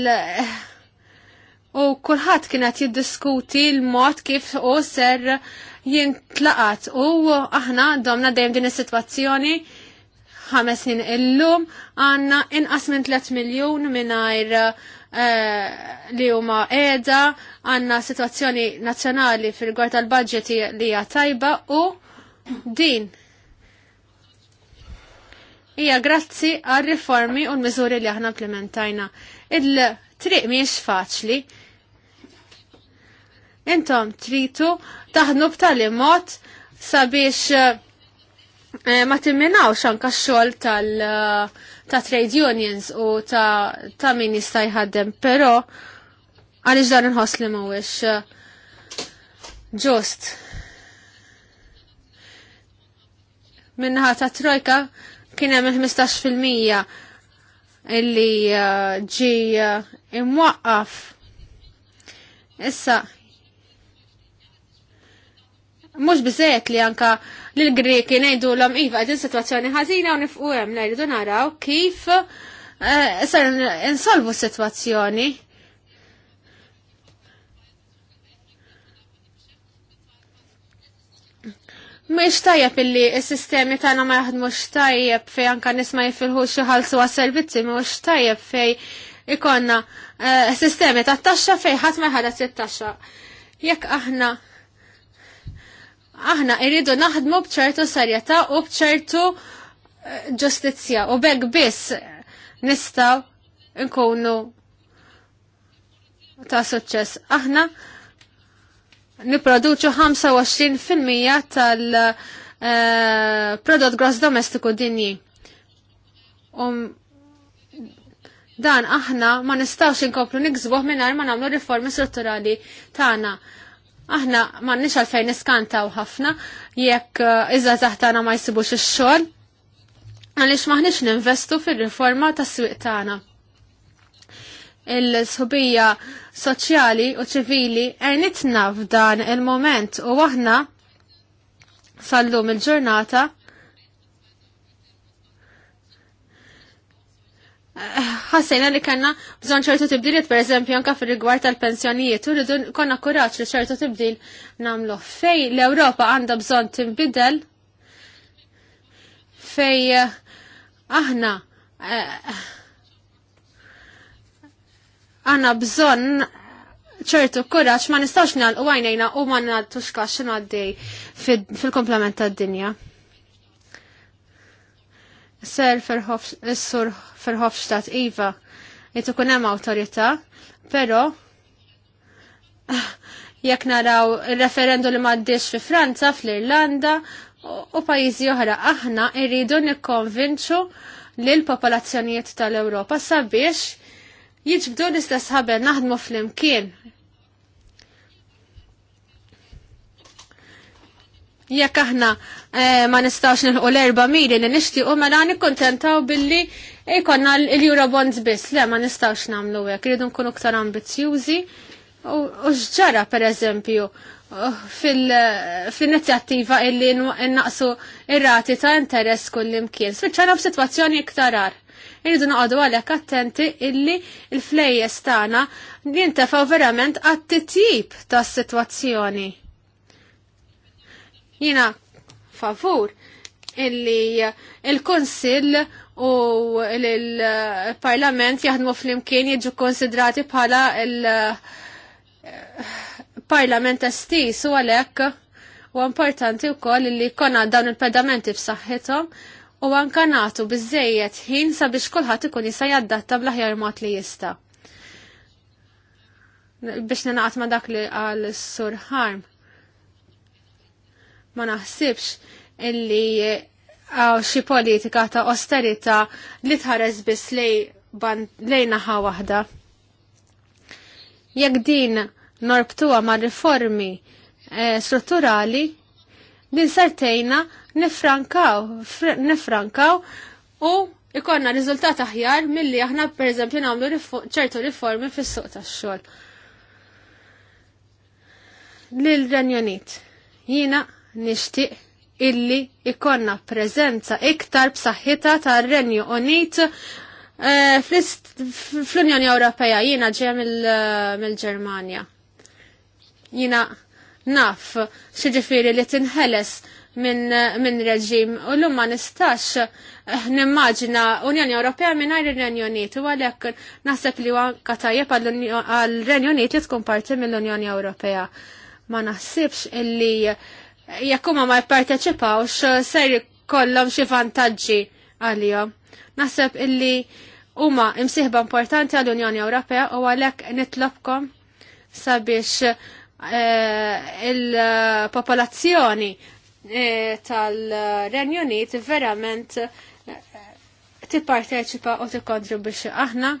u kulħadd kienet jiddiskuti l-mod kif u ser jintlaqat u aħna domna dejjem din is-sitwazzjoni ħamesin illum għanna inqas minn 3 miljon minnajr eh, li huma qiegħda għandna sitwazzjoni nazzjonali fil-gwar tal-budget li hija tajba u din hija grazzi għal riformi u l-miżuri li aħna implementajna. Il-triq mhijiex faċli. Intom tritu taħnu b'tali mod sabiex eh, Eh, ma timminawx xan xogħol tal eh, ta' trade unions u ta', ta min jista' jħaddem, però għaliex dan inħoss li mhuwiex eh, ġust. Minnaħa ta' trojka kien hemm 15% illi ġi imwaqqaf. Issa, Mux bizzet li anka l-Greki nejdu l-om iva għedin situazzjoni ħazina u nifqu għem nejdu naraw kif eh, sar insolvu situazzjoni. Mux tajjeb illi s-sistemi tagħna ma jaħdmux tajjeb fej anka nisma jifilħu xi ħalsu għas-servizzi, mux tajab fej ikonna eh, sistemi tat taxxa fej ħadd ma t it-taxxa. Jekk aħna aħna irridu naħdmu bċertu serjetà u bċertu eh, ġustizzja u bekk biss nistaw nkunu ta' suċċess. Aħna niproduċu 25% tal-prodott eh, gross domestiku dinji. Um, dan aħna ma nistawx inkomplu nikzbuħ minn ma nagħmlu riformi strutturali tagħna. Aħna m'għandniex għalfejn niskantaw ħafna jekk eh, iżda taħtana ma jsibux ix-xogħol għaliex maħniex ninvestu fir-riforma tas-swieq tagħna. Il-sħubija soċjali u ċivili għajnitna f'dan il-moment u aħna sallum il-ġurnata ħassejna li kanna bżon ċertu tibdiliet per eżempju anka fil rigward tal-pensjonijiet u rridu konna kuraċ li ċertu tibdil namlu fej l-Ewropa għandha bżon timbidel fej eh, aħna eh, għanna bżon ċertu kuraċ ma nistax nal u għajnejna u ma natux kaxin għaddej fil-komplement tad-dinja. Ser eh, Sur Ferhofstadt Iva jt ikun hemm awtorità, però ah, jekk naraw referendu li m'għaddix fi Franza, fl-Irlanda u pajjiżi oħra aħna irridu nikkonvinċu li l-popolazzjonijiet tal-Ewropa sabiex jiġbdu l-istess ħabel naħdmu fl-imkien Jekk aħna eh, ma nistax nilqu l-erba mili li nixtiequ mela nikkontentaw billi jkollna l-Eurobonds biss. Le ma nistax nagħmlu hekk, irridu nkunu ktar ambizzjużi. U xġara per eżempju uh, fil-inizjattiva illi naqsu ir-rati ta' interess kullimkien. Spiċċana f'sitwazzjoni iktarar. Irridu noqogħdu għalhekk attenti illi l-flejjes tagħna jintefgħu verament għat-titjib tas-sitwazzjoni. Jina favur illi il konsil u il parlament jaħdmu fl-imkien jiġu konsidrati bħala il-Parlament estis u għalek u importanti u koll li konna dawn il-pedamenti f'saħħithom u għan kanatu bizzejiet ħin sabiex kulħadd ikun jista' jaddatta bl-aħjar mod li jista. Biex ninaqat ma dak li għal sur harm. Ma naħsibx illi għaw xi politika ta' austerita li tħares biss lej naħa waħda. Jekk din norbtuha ma' riformi eh, strutturali, din sartejna nifrankaw, nifrankaw u ikonna riżultat aħjar milli aħna pereżempju nagħmlu ċertu riformi fis-suq tax-xogħol. Lil Renjonit. Jiena nixtieq illi ikonna preżenza iktar b'saħħitha tar-Renju Unit eh, fl-Unjoni Ewropea jiena ġej eh, mill-Ġermanja. Jiena naf ġifieri li tinħeles minn eh, min reġim u l ma nistax nimmaġina Unjoni Ewropea mingħajr ir-Renju Unit u għalhekk naħseb li anka tajjeb għall-Renju Unit li tkun parti mill-Unjoni Ewropea. Ma naħsibx illi jekk huma ma jipparteċipawx eh, ser jkollhom xi vantaġġi għalihom. Naħseb illi huma imsieħba importanti għall-Unjoni Ewropea u għalhekk nitlobkom sabiex eh, il-popolazzjoni eh, tal-Renju Unit verament tipparteċipa u tikkontribwixxi aħna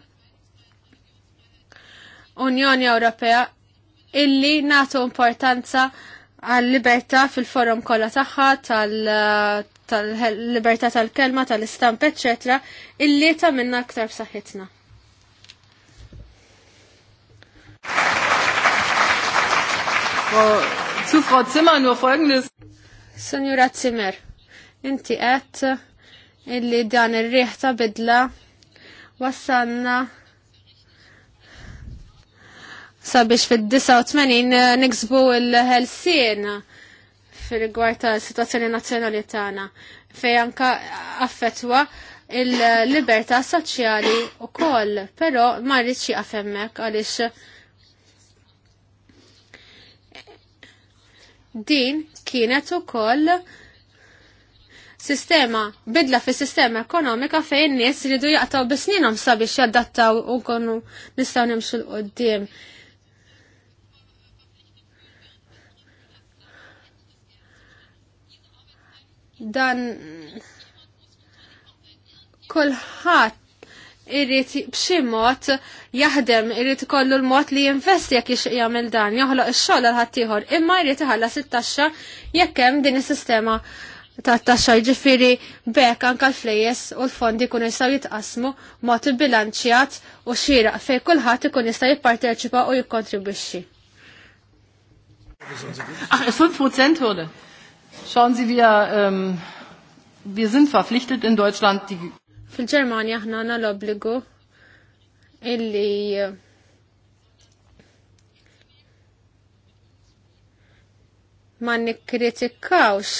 Unjoni Ewropea illi nagħtu importanza għal-libertà fil-forum kollha tagħha tal-libertà tal-kelma, tal-istamp, etc. illi ta' minna aktar b'saħħitna. Zu Frau Zimmer nur folgendes. Signora Zimmer, inti għed illi dan ir-riħ bidla wassanna sabiex fid-89 eh, niksbu l-ħelsien fil-rigward situazzjoni nazzjonali tagħna fej anka affettwa il-libertà soċjali wkoll, però ma rridx jaqaf hemmhekk għaliex din kienet ukoll sistema, bidla fi sistema ekonomika fejn nies du jaqtaw bisninhom sabiex jaddattaw u nkunu nistgħu nimxu l-qoddim. dan kulħadd irrit bximot mod jaħdem, irrit kollu l-mod li jinvesti jekk jixtieq jagħmel dan, joħlo ix-xogħol għal imma jrid iħallas it-taxxa jekk hemm din is-sistema ta' taxxa ġifiri bekk anka l-flejes u l-fondi kun jistgħu jitqasmu mod bilanċjat u xieraq fejn kulħadd ikun jista' jipparteċipa u jikkontribwixxi. Ach, 5% wurde. Schauen Sie, wir, ähm, wir sind verpflichtet in Deutschland die. Fil-Ġermanja ħna għana l-obbligu illi ma nikkritikawx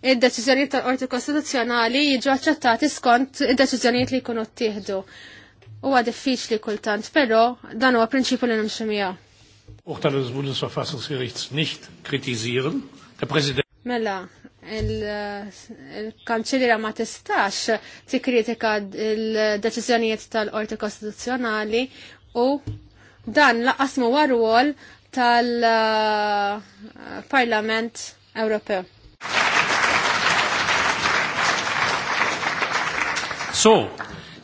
id-deċiżjonijiet tal-Qorti Kostituzzjonali jiġu aċċettati skont id-deċiżjonijiet li jkunu ttieħdu huwa diffiċli kultant, però dan huwa prinċipju li nimxu miegħu. Urteil des Bundesverfassungsgerichts nicht kritisieren. Der Präsident Mela, il-kanċellira ma tistax tikkritika il-deċiżjonijiet tal-Qorti Kostituzzjonali u dan laqas mu warwol tal-Parlament Ewropew. So,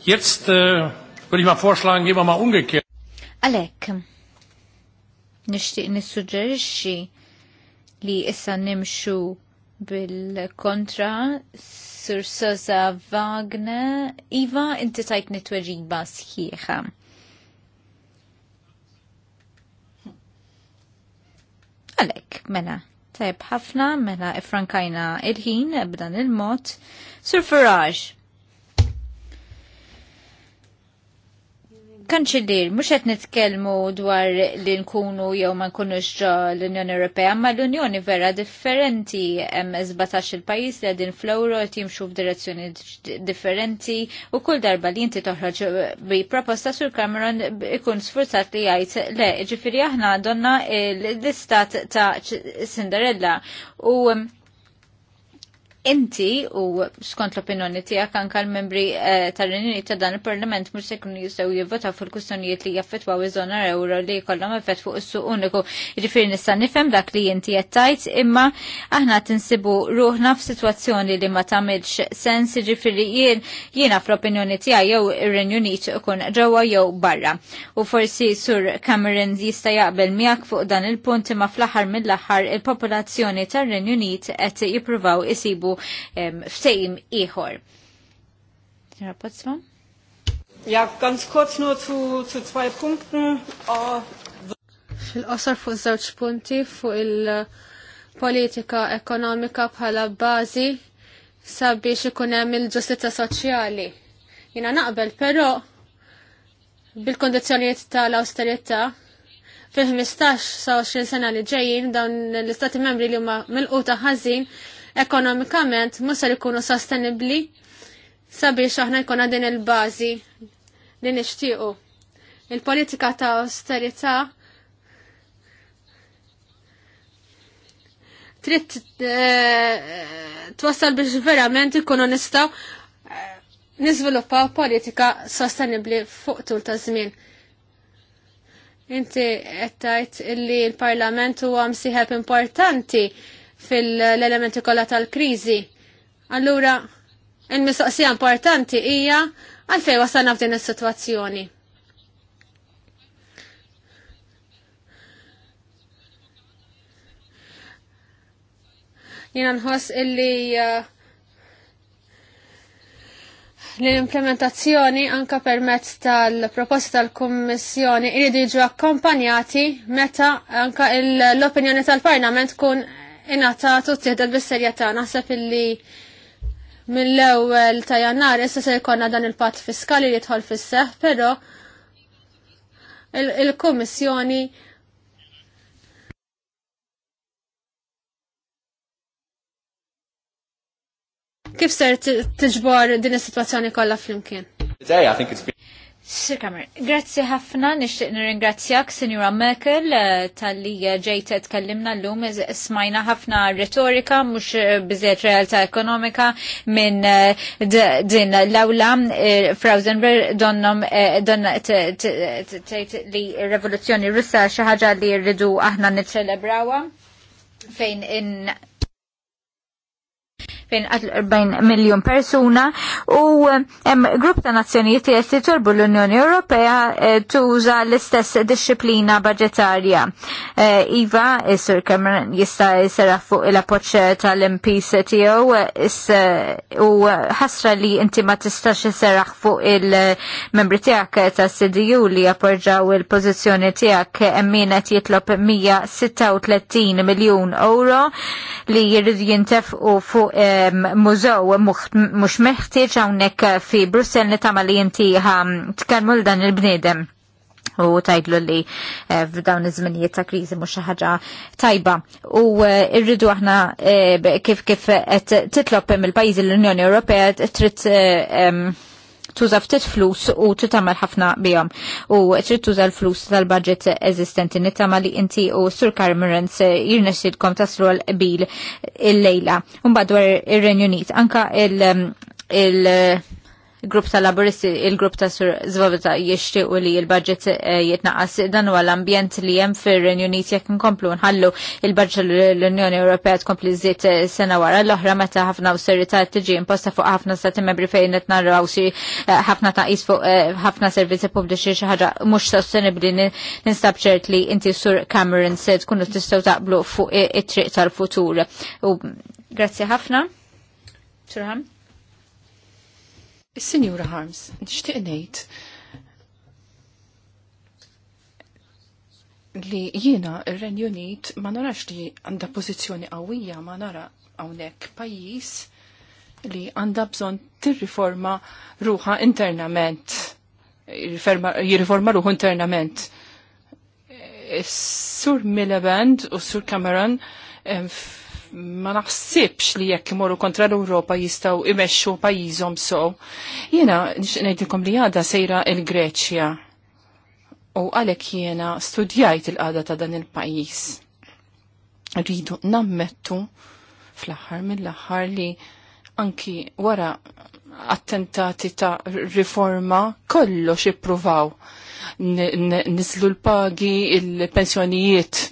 jetzt äh, Würde ich mal vorschlagen, gehen wir mal umgekehrt. Alek, nishtiq nissuġġerixxi li issa nimxu bil-kontra Sur Sosa Wagner. Iva, inti tajt nitweġiba sħiħa. Għalek, mela, tajb ħafna, mela, ifrankajna il-ħin, ebdan il-mod. Sur Farage, kanċillir, mux għet nitkelmu dwar li nkunu jew ma nkunux ġo l-Unjoni Ewropea, ma l-Unjoni vera differenti, hemm 17 il-pajis li għadin flowro għet jimxu f'direzzjoni differenti u kull darba li inti toħroġ bi proposta sur Cameron ikun sfurzat li jgħid le, ġifiri aħna donna l-istat ta' Cinderella u inti u skont l-opinjoni tiegħek anke l-membri eh, tal-Unjoni ta' dan il-Parlament mhux se jkunu jistgħu jivvotaw il kustjonijiet li jaffetwaw iż-żona euro li jkollhom effett fuq is-suq uniku. Jiġifieri nista' nifhem dak li inti qed tajt, imma aħna tinsibu ruħna f'sitwazzjoni li ma tagħmilx sens jiġifieri jien jiena fl-opinjoni tiegħi jew ir-Renju Unit ikun ġewwa jew barra. U forsi Sur Cameron jista' jaqbel miegħek fuq dan il-punt imma fl-aħħar mill-aħħar il-popolazzjoni tar-Renju Unit qed jippruvaw isibu nsibu ieħor. Ja, ganz kurz nur zu, zu zwei Punkten. Äh, Fil-qosor fuq żewġ punti fuq il-politika ekonomika bħala bażi sabiex ikun hemm il-ġustizza soċjali. Jiena naqbel però bil-kondizzjonijiet tal-austerità fil-15 sa 20 sena li ġejjin dawn l-istati membri li huma milquta ħażin ekonomikament mhux ser ikunu sostenibbli sabiex aħna jkollna din il-bażi li nixtiequ. Il-politika ta' austerità trid eh, twassal biex verament ikunu nistgħu eh, niżviluppaw politika sostenibbli fuq tul ta' żmien. Inti qed tgħid illi l-Parlament huwa msieħeb importanti fil-elementi kollha tal-kriżi. Allura, il-mistoqsija importanti hija għalfej wasalna f'din is-sitwazzjoni. Jiena nħoss illi uh, l-implementazzjoni anka permezz tal-proposta tal-Kummissjoni iridu jiġu akkompanjati meta anka l-opinjoni tal-Parlament kun ingħatat u bisserja bis-serjetà naħseb illi mill-ewwel ta' Jannar issa se jkollna dan il-patt fiskali li jidħol fis-seħħ, però il-Kummissjoni Kif ser tiġbor din is-sitwazzjoni kollha flimkien? Today I think it's been Sir Kamer, grazzi ħafna, nishtiq nirringrazzjak, Senjura Merkel, eh, tal-li eh, ġejtet tkellimna l-lum, eh, smajna ħafna retorika, mux bizet realtà ekonomika minn din l-awla, Frausenberg donnom tejt li revoluzzjoni russa xaħġa li rridu aħna niċċelebrawa fejn in fejn qatlu 40 miljon persuna u eh, grupp ta' nazzjonijiet li torbu l-Unjoni Ewropea eh, tuża l-istess disciplina budgetarja. Eh, iva, Sir Cameron jista' jisera fuq il-appoġġ tal mpc tiegħu u ħasra li inti ma tistax jisera fuq il-membri tiegħek ta' CDU li appoġġaw il-pożizzjoni tiegħek emmin qed jitlob 136 miljun euro li jintef jintefqu fuq mużew mhux meħtieġ hawnhekk fi li nitama li jinti um, tkellmu l dan il-bniedem u tajdlu li eh, f'dawn iż-żminijiet ta' kriżi mhux xi ħaġa tajba. U eh, rridu aħna eh, kif kif qed titlob mill-pajjiżi l-Unjoni Ewropea trid tuża ftit flus u titamal ħafna bihom u trid tuża l-flus tal-budget eżistenti nittama li inti u Sur Carmeran se jirnexxilkom taslu l-qbil il-lejla. Mbagħad dwar ir-Renju Unit anka il- il- Il grupp ta' laboristi, il-grupp ta' sur zvavita jishtiqu li il-budget eh, jitnaqas dan u l-ambjent li jem fir Unit jek nkomplu nħallu il-budget l-Unjoni Ewropea tkompli zit eh, sena wara l-oħra meta ħafna austerità tiġi imposta fuq ħafna stati membri fejn qed narraw xi eh, ħafna ta' jisfu ħafna servizi pubbliċi xi ħaġa mhux sostenibbli ċert li inti sur Cameron se tkunu tistaw taqblu fuq it-triq tal-futur. Grazie grazzi ħafna. Turham. Signora sinjura Harms, nixtieq ngħid li jiena ir-Renju Unit ma narax li għandha pożizzjoni qawwija ma nara hawnhekk pajjiż li għandha bżonn tirriforma ruha internament. Jirriforma ruħu internament. Eh, Sur Miliband u Sur Cameron ma naħsibx li jekk imorru kontra l-Ewropa jistaw imexxu pajjiżhom so. Jiena ngħidilkom li għada sejra il-Greċja u għalhekk jiena studjajt il-qada ta' dan il-pajjiż. Rridu nammettu fl-aħħar mill-aħħar li anki wara attentati ta' riforma kollox ippruvaw nizlu l-pagi, il-pensjonijiet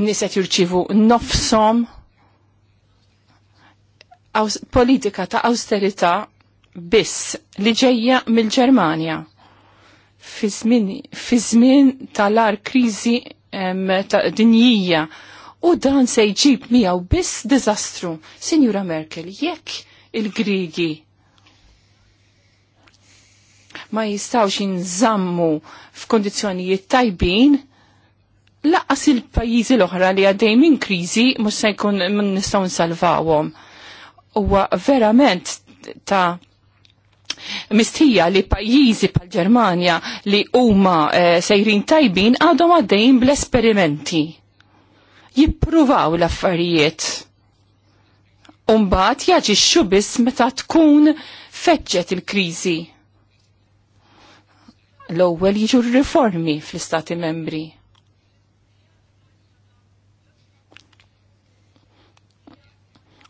niset jirċivu nofsom politika ta' austerita biss li ġejja mill-Ġermanja fi żmien tal-ar kriżi ta' dinjija u dan se jġib miegħu biss diżastru. Sinjura Merkel, jekk il-Grigi ma jistawx jinżammu f'kondizzjonijiet tajbin, laqas il-pajjiżi l-oħra li għaddej minn kriżi mhux se jkun nistgħu nsalvawhom. Huwa verament ta' mistija li pajjiżi pal ġermanja li huma eh, sejrin tajbin għadhom għaddejjin bl-esperimenti. Jippruvaw l-affarijiet. Umbat jaġixxu biss meta tkun feġġet il-kriżi. L-ewwel jiġu r-riformi fl-istati membri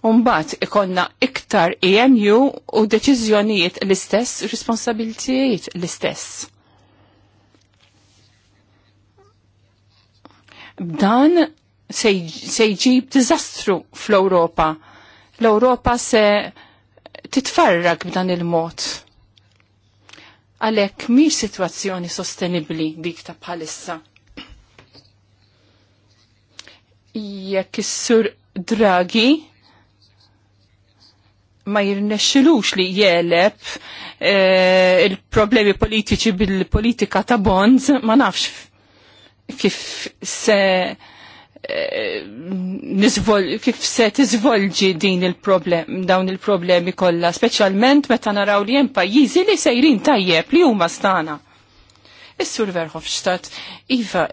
Umbat ikonna iktar EMU u deċiżjonijiet l-istess, responsabilitijiet l-istess. Dan se sej dizastru fl-Europa. L-Europa se titfarrak b'dan il-mod. Għalek mi situazzjoni sostenibli dik ta' bħalissa. Jekk is-sur Draghi ma jirnexxilux li jeleb eh, il-problemi politiċi bil-politika ta' bonds, ma nafx kif se eh, nizvol, kif se tiżvolġi din il-problem, dawn il-problemi kollha, speċjalment meta naraw li hemm pajjiżi li sejrin tajjeb li huma stana. Is-Sur Verhofstadt, Iva,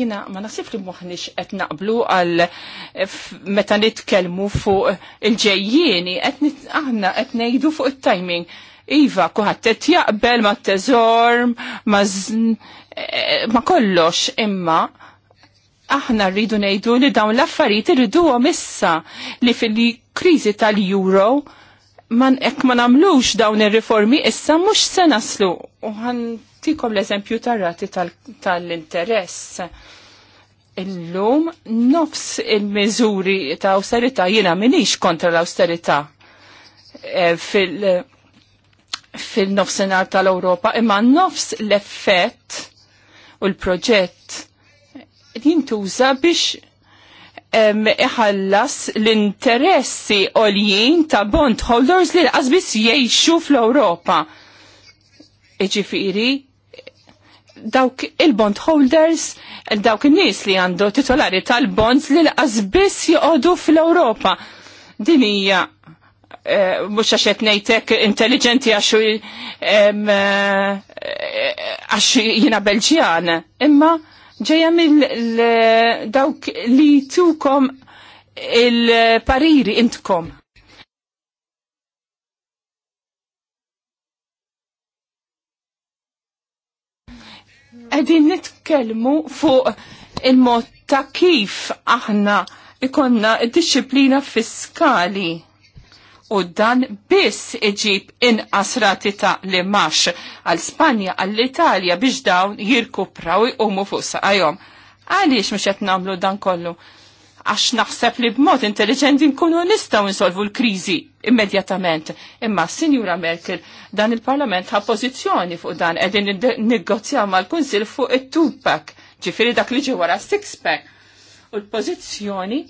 jina ma nasib li muħnix qed naqblu għal meta nitkellmu fuq il-ġejjieni qed aħna qed ngħidu fuq it-timing. Iva, kuħat qed jaqbel ma teżorm, ma eh, ma kollox imma aħna rridu ngħidu li dawn l-affarijiet irriduhom issa li fil-kriżi tal-euro man ek ma namlux dawn ir-riformi issa mhux se naslu u Natikom l-eżempju tar-rati tal-interess. Illum nofs il-miżuri ta' austerità jiena minix kontra l-austerità eh, fil- nofsinhar nofsenar tal-Europa imma nofs l-effett u l-proġett jintuża biex iħallas l-interessi oljien ta' bondholders li l-qasbis jiexu fl-Europa. Iġifiri, dawk il-bond holders, dawk il-nis li għandu titolari tal-bonds li l-qasbis joqodu fl-Europa. Din hija eh, mux għax qed intelligenti għax eh, għaxu jiena Belġjan, imma ġejjem il dawk li tukom il-pariri intkom. għedin nitkelmu fuq il-mod ta' kif aħna ikonna disċiplina fiskali u dan biss iġib inqas rati ta' li max għal Spanja għall italja biex dawn jirkupraw u mufus fuq saqajhom. Għaliex mhux qed nagħmlu dan kollu? għax naħseb li b'mod intelligenti nkunu nistgħu insolvu l-kriżi immedjatament. Imma Sinjura Merkel dan il-Parlament ħa pożizzjoni fuq dan qegħdin niggozjaw mal-Kunsill fuq it-tupak, ġifieri dak li ġi wara six-pack. U l-pożizzjoni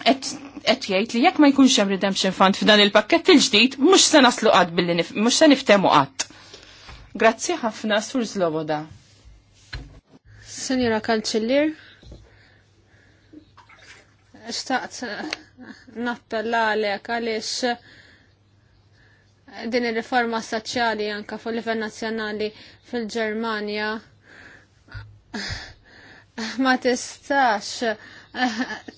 qed jgħid li jekk ma jkunx hemm redemption fund f'dan il-pakkett il-ġdid mhux se naslu qatt billi mhux se niftemu qatt. Grazzi ħafna Sur Zloboda. Senjora Kanċellier xtaqt eh, nappella għalek għaliex eh, din ir-riforma soċjali anka fuq livell nazzjonali fil-Ġermanja eh, ma tistax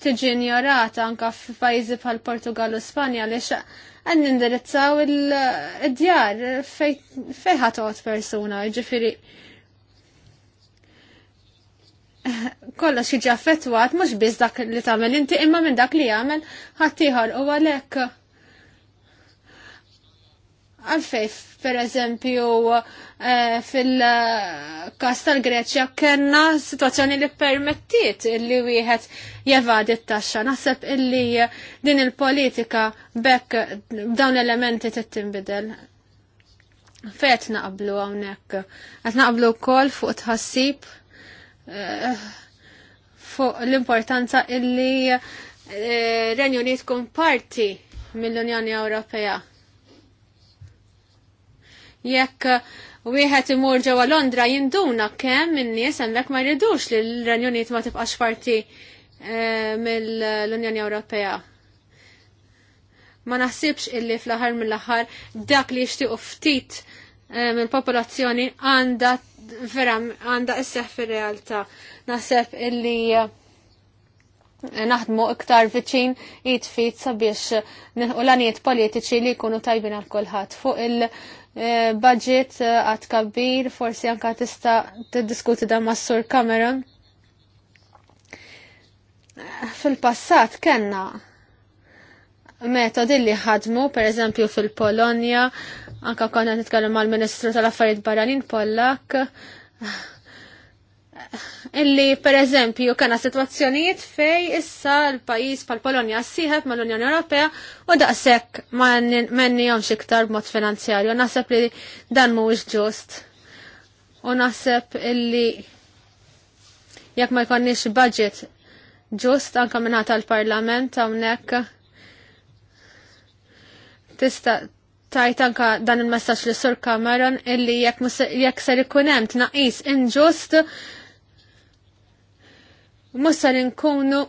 tiġi ignorata anka f'pajjiżi bħal Portugal u Spanja għaliex għan nindirizzaw id-djar fejn ħatot persuna, ġifiri kollox jiġi affettwat mhux biss dak li tagħmel inti imma minn dak li jagħmel ħaddieħor u għalhekk għalfej pereżempju eh, fil-kas tal-Greċja kellna sitwazzjoni li permettiet illi wieħed jevadi t-taxxa. Naħseb illi din il-politika bekk dawn elementi tittinbidel. Fejt naqblu hawnhekk. Qed naqblu wkoll fuq tħassib fuq l-importanza illi eh, Renjoni tkun parti mill-Unjoni Ewropea. Jekk wieħed imur ġewwa Londra jinduna kemm in-nies hemmhekk ma jridux li l-Renju ma tibqax parti eh, mill-Unjoni Ewropea. Ma naħsibx illi fl-aħħar mill-aħħar dak li jixtiequ ftit eh, mill-popolazzjoni għandha vera għanda isseħ fil-realtà. Naħseb illi eh, naħdmu iktar viċin jitfit sabiex u l-għaniet politiċi li jkunu tajbin għal kulħadd. Fuq il-budget eh, eh, għat kabbir, forsi anka tista t-diskuti da mas-sur Cameron. Fil-passat kenna metodi li ħadmu, per eżempju fil-Polonja, Anka konna nitkellem mal-Ministru tal-Affarijiet Barranin Pollak. Illi, per eżempju, kena situazzjoniet fej issa l-pajis pal-Polonja s mal ma l-Unjoni Ewropea u daqsek menni jom xiktar mod finanzjarju. Nasab li dan mux ġust. U nasab illi jekk ma jkonniex budget ġust anka minna tal-parlament għamnek tista' tajt anka dan il-messaġġ li sur Cameron illi jekk ser ikun hemm inġust mhux ser inkunu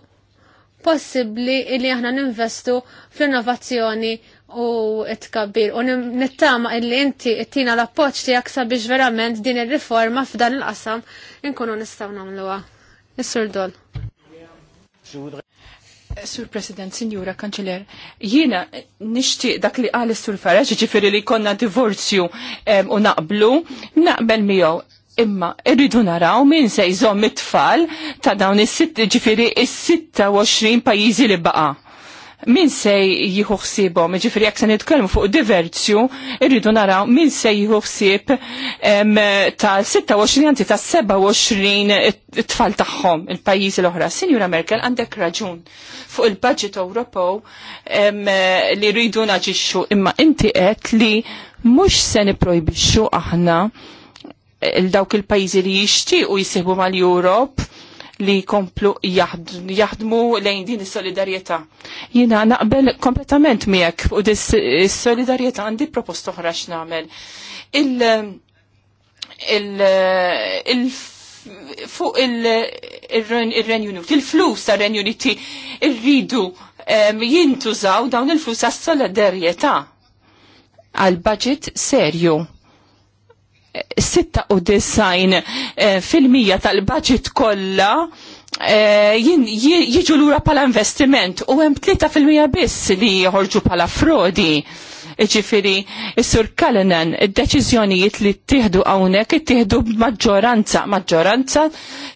possibbli illi aħna ninvestu fl-innovazzjoni u t-tkabbir. u nittama illi inti ittina l-appoċ tiegħek biex verament din ir-riforma f'dan il-qasam inkunu nistgħu nagħmluha. Is-sur Dol. Sur President, Sinjura Kanċeller, jiena nixtieq dak li qal sur Farage, ġifiri li konna divorzju u naqblu, naqbel miegħu imma irridu naraw min se jżomm it-tfal ta' dawn is-sitt ġifiri is-26 pajjiżi li baqa' min se jieħu ħsiebhom, ġifri jekk se nitkellmu fuq diverzju, irridu naraw min se jieħu ħsieb ta' 26 anzi ta' 27 tfal tagħhom il-pajjiżi l-oħra. Sinjura Merkel għandek raġun fuq il-budget Ewropew li rridu naġixxu imma inti għet li mhux se nipprojbixxu aħna il-dawk il-pajjiżi li jixtiequ jisibu mal-Europ li komplu jaħdmu lejn din is-solidarjetà. Jiena naqbel kompletament miegħek u is-solidarjetà għandi proposta oħra x'nagħmel. Il il il fuq il-Renjunit, il-flus ta' Renjuniti irridu jintużaw dawn il-flus għas-solidarjetà għal budget serju design eh, fil-mija tal-budget kollha eh, jiġu lura pala investiment u hemm 3% biss li jħorġu pala frodi. Ġifiri, s sur Kalanan, id-deċiżjonijiet li ttieħdu hawnhekk ittieħdu b'maġġoranza, maġġoranza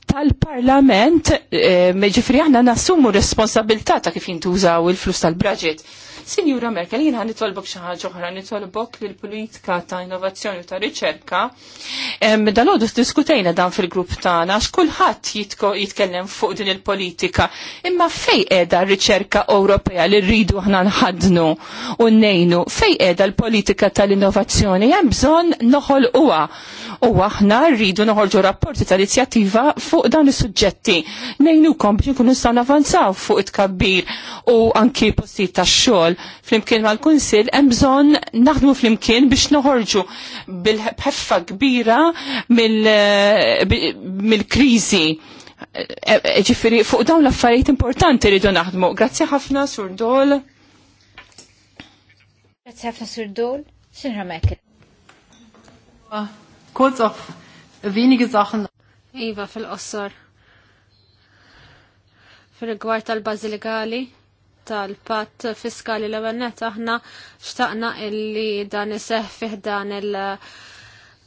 tal-Parlament, eh, ġifiri aħna nassumu responsabilità ta' kif jintużaw il-flus tal-budget Sinjura Merkel, jina nitolbok xi ħaġa oħra, nitolbok l-politika ta' innovazzjoni u ta' riċerka. Dalodu diskutejna dan fil-grupp tagħna nax, kullħat jitkellem fuq din il-politika. Imma fej qiegħda r-riċerka Ewropea li rridu aħna nħadnu u nnejnu, fej qiegħda l-politika tal-innovazzjoni hemm bżonn noħolquha. U aħna rridu noħolġu rapporti tal-inizjattiva fuq dan is-suġġetti. Nejnukom biex nkunu nistgħu navanzaw fuq it-kabbir u anki postijiet tax-xogħol ukoll flimkien mal-Kunsill hemm bżonn naħdmu flimkien biex noħorġu bil-ħeffa kbira eh, mill-kriżi. Eh, eh, ġifiri, fuq dawn l-affarijiet importanti rridu naħdmu. Grazzi ħafna Sur Dol. Grazzi ħafna Sur Dol. Sinra ah, Kurz auf wenige Sachen. Iva fil-qossor. Fil-rigward tal-bażiligali tal-patt fiskali l għennet aħna xtaqna illi dan iseħ fih dan il-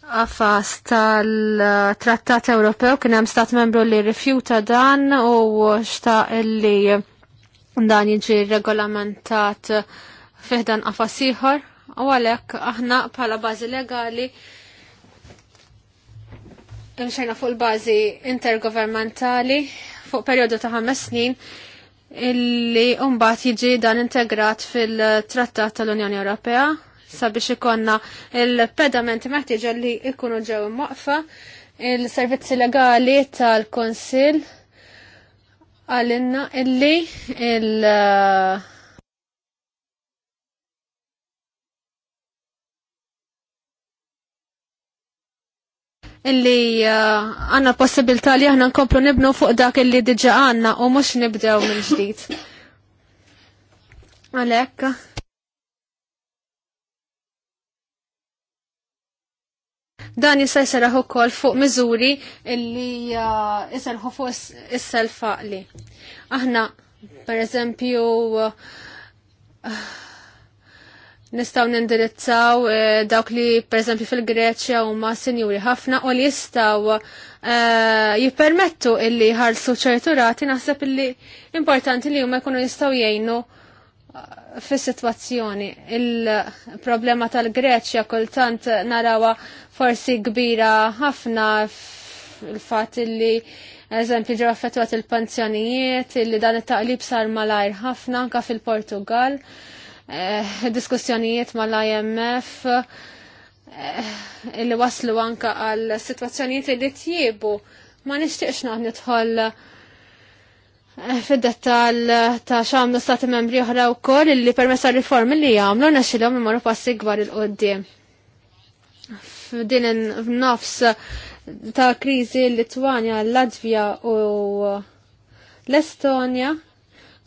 Għafas tal-Trattat Ewropew kien hemm stat membru li rifjuta dan u xtaq illi dan jiġi regolamentat fih dan qafas ieħor u għalhekk aħna bħala bażi legali imxejna fuq il-bażi intergovernmentali fuq perjodu ta' ħames snin illi umbat jiġi dan integrat fil-Trattat tal-Unjoni Ewropea sabiex ikonna il-pedamenti meħtieġa li ikunu ġew imwaqfa il-servizzi legali tal-Konsil għalinna illi il- illi uh, għanna possibilità li aħna nkomplu nibnu fuq dak illi diġa għanna u mux nibdew minn ġdid. Għalek. Dan jista' jserraħ ukoll fuq miżuri illi uh, jiserħu fuq is-self faqli. Aħna, per eżempju, uh, nistaw nindirizzaw eh, dawk li per eżempju fil-Greċja huma sinjuri ħafna u li jistaw eh, jippermettu illi ħarsu ċertu rati naħseb illi importanti li huma jkunu jistaw jgħinu eh, fis situazzjoni il-problema tal-Greċja kultant narawa forsi kbira ħafna il-fat illi eżempju ġew affettwat il-panzjonijiet illi dan it-taqlib sar malajr ħafna ka fil-Portugal. Eh, diskussjonijiet mal-IMF eh, illi waslu anka għal situazzjonijiet li tjiebu ma nishtiqx naħ nidħol eh, fid-dettal ta' xamlu stati membri oħra u koll illi permessa riformi li jgħamlu naxilhom imorru passi gbar il-qoddim. F'din nafs ta' krizi Litwanja, Latvija u l-Estonja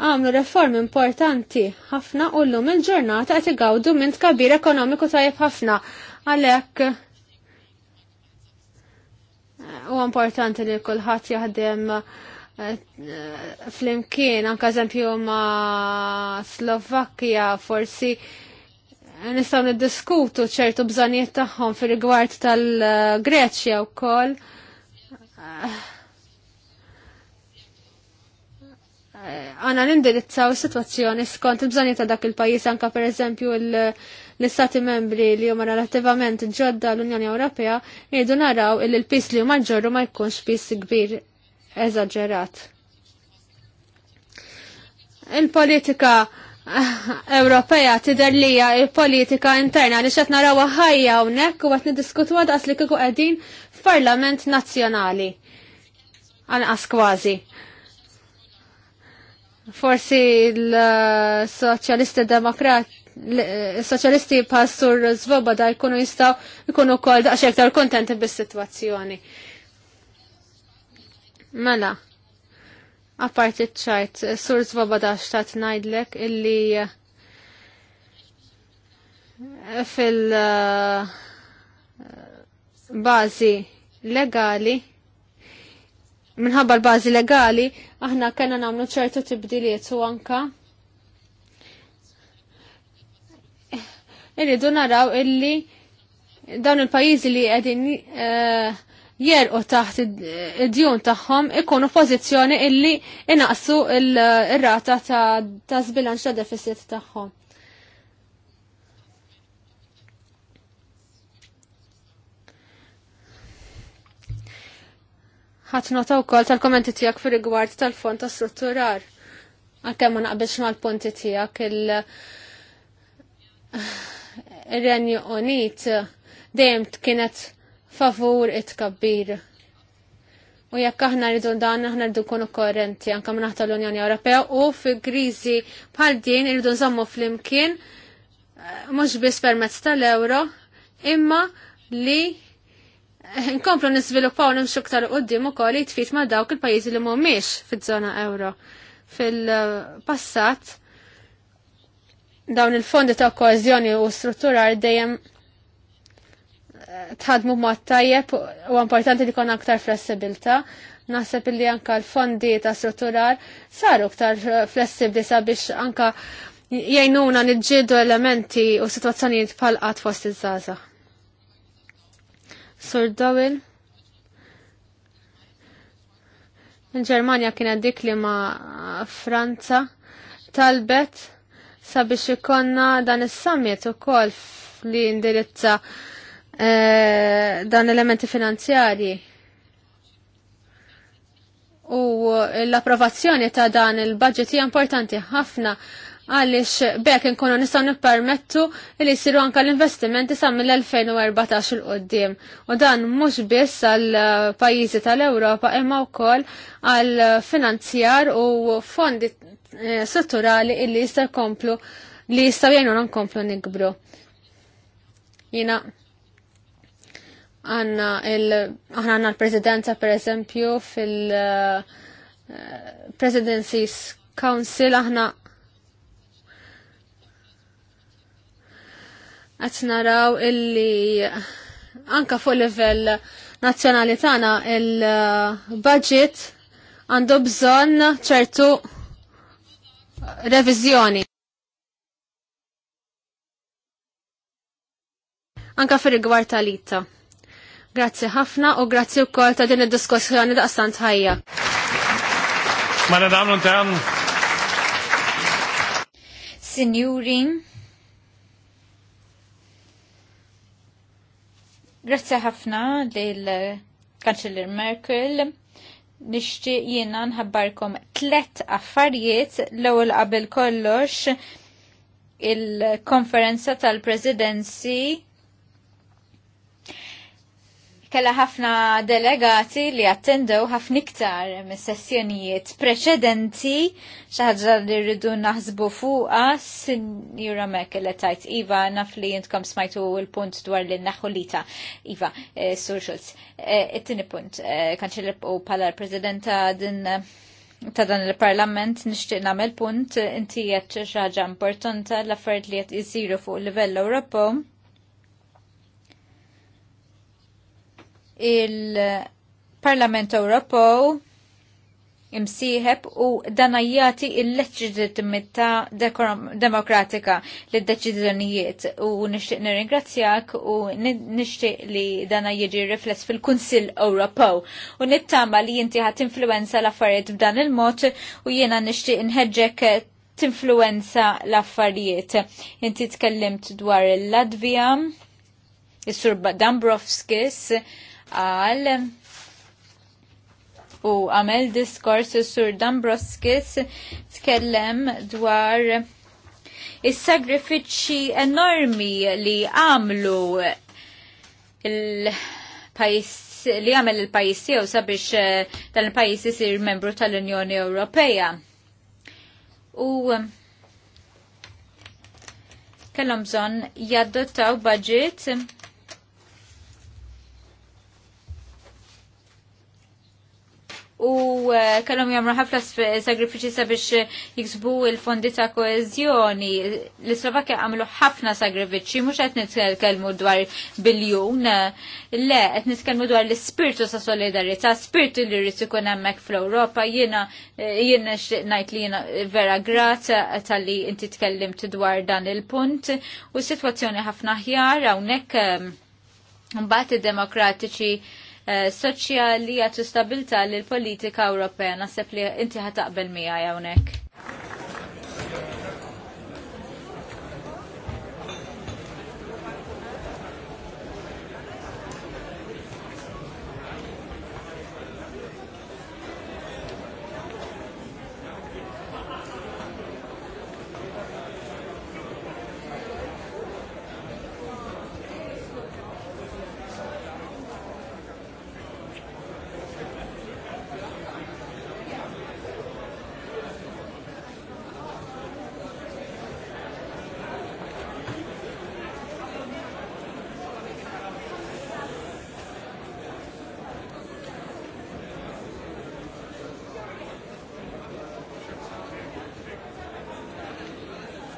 għamlu reformi importanti ħafna u l-lum il-ġurnata għati għawdu minn kabir ekonomiku tajib ħafna għalek eh, u importanti li kullħat jaħdem eh, flimkien, imkien anka eżempju ma slovakkija forsi eh, nistaw niddiskutu ċertu bżonijiet tagħhom fil-rigward tal-Greċja wkoll. Uh, Eh, għana nindirizzaw situazzjoni skont il-bżonni ta' dak il-pajis anka per eżempju l-istati membri li huma relativament ġodda l-Unjoni Ewropea jgħidu naraw il l-pis li huma ġorru ma jkunx pis kbir eżagġerat. Il-politika Ewropea tidher li politika interna li xed naraw ħajja hawnhekk u qed niddiskutu daqs li kieku qegħdin f'Parlament Nazzjonali. Anqas kważi. Forsi l-Soċjalisti Demokrat Soċjalisti r-zvoba Zvoboda jkunu jistaw jkunu kol daqsxejn aktar kontenti bis-sitwazzjoni. Mela, apparti ċajt, sur Zvoboda xtat ngħidlek illi eh, fil-bazi eh, legali minħabba l-bażi legali aħna kellna nagħmlu ċertu tibdiliet u anka irridu naraw illi dawn il-pajjiżi li qegħdin eh, jerqu taħt id-djun tagħhom ikunu pożizzjoni illi inaqsu il-rata ta' zbilanċ ta' deficit tagħhom. ħadd nota wkoll tal-kommenti tiegħek fir-rigward tal-fond strutturar. Għalkemm ma naqbilx mal-punti tiegħek il- Renju Unit dejjem kienet favur it-kabbir. U jekk aħna rridu dan aħna rridu nkunu korrenti anke minn naħta l-Unjoni Ewropea u fi kriżi bħal din irridu nżommu flimkien eh, mhux biss permezz tal ewro imma li nkomplu nisviluppaw nimxu ktar qoddim ukoll koll jitfit ma' dawk il-pajjiżi li mhumiex fiż-żona euro. Fil-passat dawn il-fondi ta' koeżjoni u strutturar dejjem eh, tħadmu mod tajjeb u importanti li kon aktar flessibilta. Naħseb li anka l-fondi ta' strutturar saru aktar flessibli sabiex anka jgħinuna nġildu elementi u situazzjoni bħal fost iż-żaza. Sur Dawil. il germania kienet dik li ma' Franza talbet sabiex ikonna dan is-summit ukoll li indirizza eh, dan elementi finanzjarji. U l-approvazzjoni ta' dan il-budget hija importanti ħafna għaliex bekk inkunu nistgħu nippermettu li jsiru anke l-investimenti sa mill-2014 il qoddim U dan mhux biss għal eh, pajjiżi tal-Ewropa imma wkoll għal finanzjar u fondi eh, strutturali illi jista' jkomplu li jistgħu non nkomplu nikbru. Jina għanna il għanna l-presidenza per eżempju fil- eh, Presidencies Council aħna Qed naraw illi anka fuq level nazzjonali tagħna il-budget għandu bżonn ċertu reviżjoni. Anka fir rigward tal-itta. Grazzi ħafna u grazzi wkoll ta' din id-diskussjoni daqsant ħajja. Madam. Damen und Signori, Grazzi ħafna lil kanċellir Merkel. Nixti jiena nħabbarkom tlet affarijiet l-ewwel qabel kollox il-konferenza tal-presidenzi kella ħafna delegati li attendew ħafna iktar mis sessjonijiet preċedenti xaħġa li rridu naħsbu fuqa sinjura Merkel tajt Iva naf li jintkom smajtu il-punt dwar li naħolita Iva e, Sur Schulz eh, it-tini punt e, u pala l-prezidenta din ta' dan il-parlament nixtieq nagħmel punt inti qed xi ħaġa importanta l-affarijiet li qed isiru fuq livell Ewropew il-Parlament Ewropew imsieħeb u danajjati il-leġitimità demokratika li d-deċizjonijiet u nishtiq nirringrazzjak u nishtiq li dana jiġi rifless fil-Kunsill Ewropew u nittama li jinti ħat influenza l-affarijiet b'dan il-mod u jiena nishtiq nħeġġek tinfluenza l-affarijiet. Inti tkellimt dwar il-Latvija, is-Sur Dambrovskis, qal u għamel diskors sur Dambroskis tkellem dwar is-sagrifiċċji enormi li għamlu il-pajis li għamel il-pajis jew sabiex eh, dan il-pajis isir membru tal-Unjoni Ewropea. U eh, kellhom bżonn jaddottaw budget u eh, kellhom jagħmlu ħafna sagrifiċi sabiex eh, jiksbu il-fondi ta' koeżjoni. L-Slovakkja għamlu ħafna sagrifiċi, mhux qed nitkellmu dwar biljun, eh, le qed nitkellmu dwar l-ispirtu sa' solidarità, spirtu li rrid ikun hemmhekk fl-Ewropa. Jiena jiena ngħid li jiena vera grat tal-li inti tkellimt dwar dan il-punt u s-sitwazzjoni ħafna ħjar hawnhekk mbagħad id-demokratiċi Eh, soċjali għatu stabilta l-politika Ewropea. nasib li inti ħataqbel mija jawnek.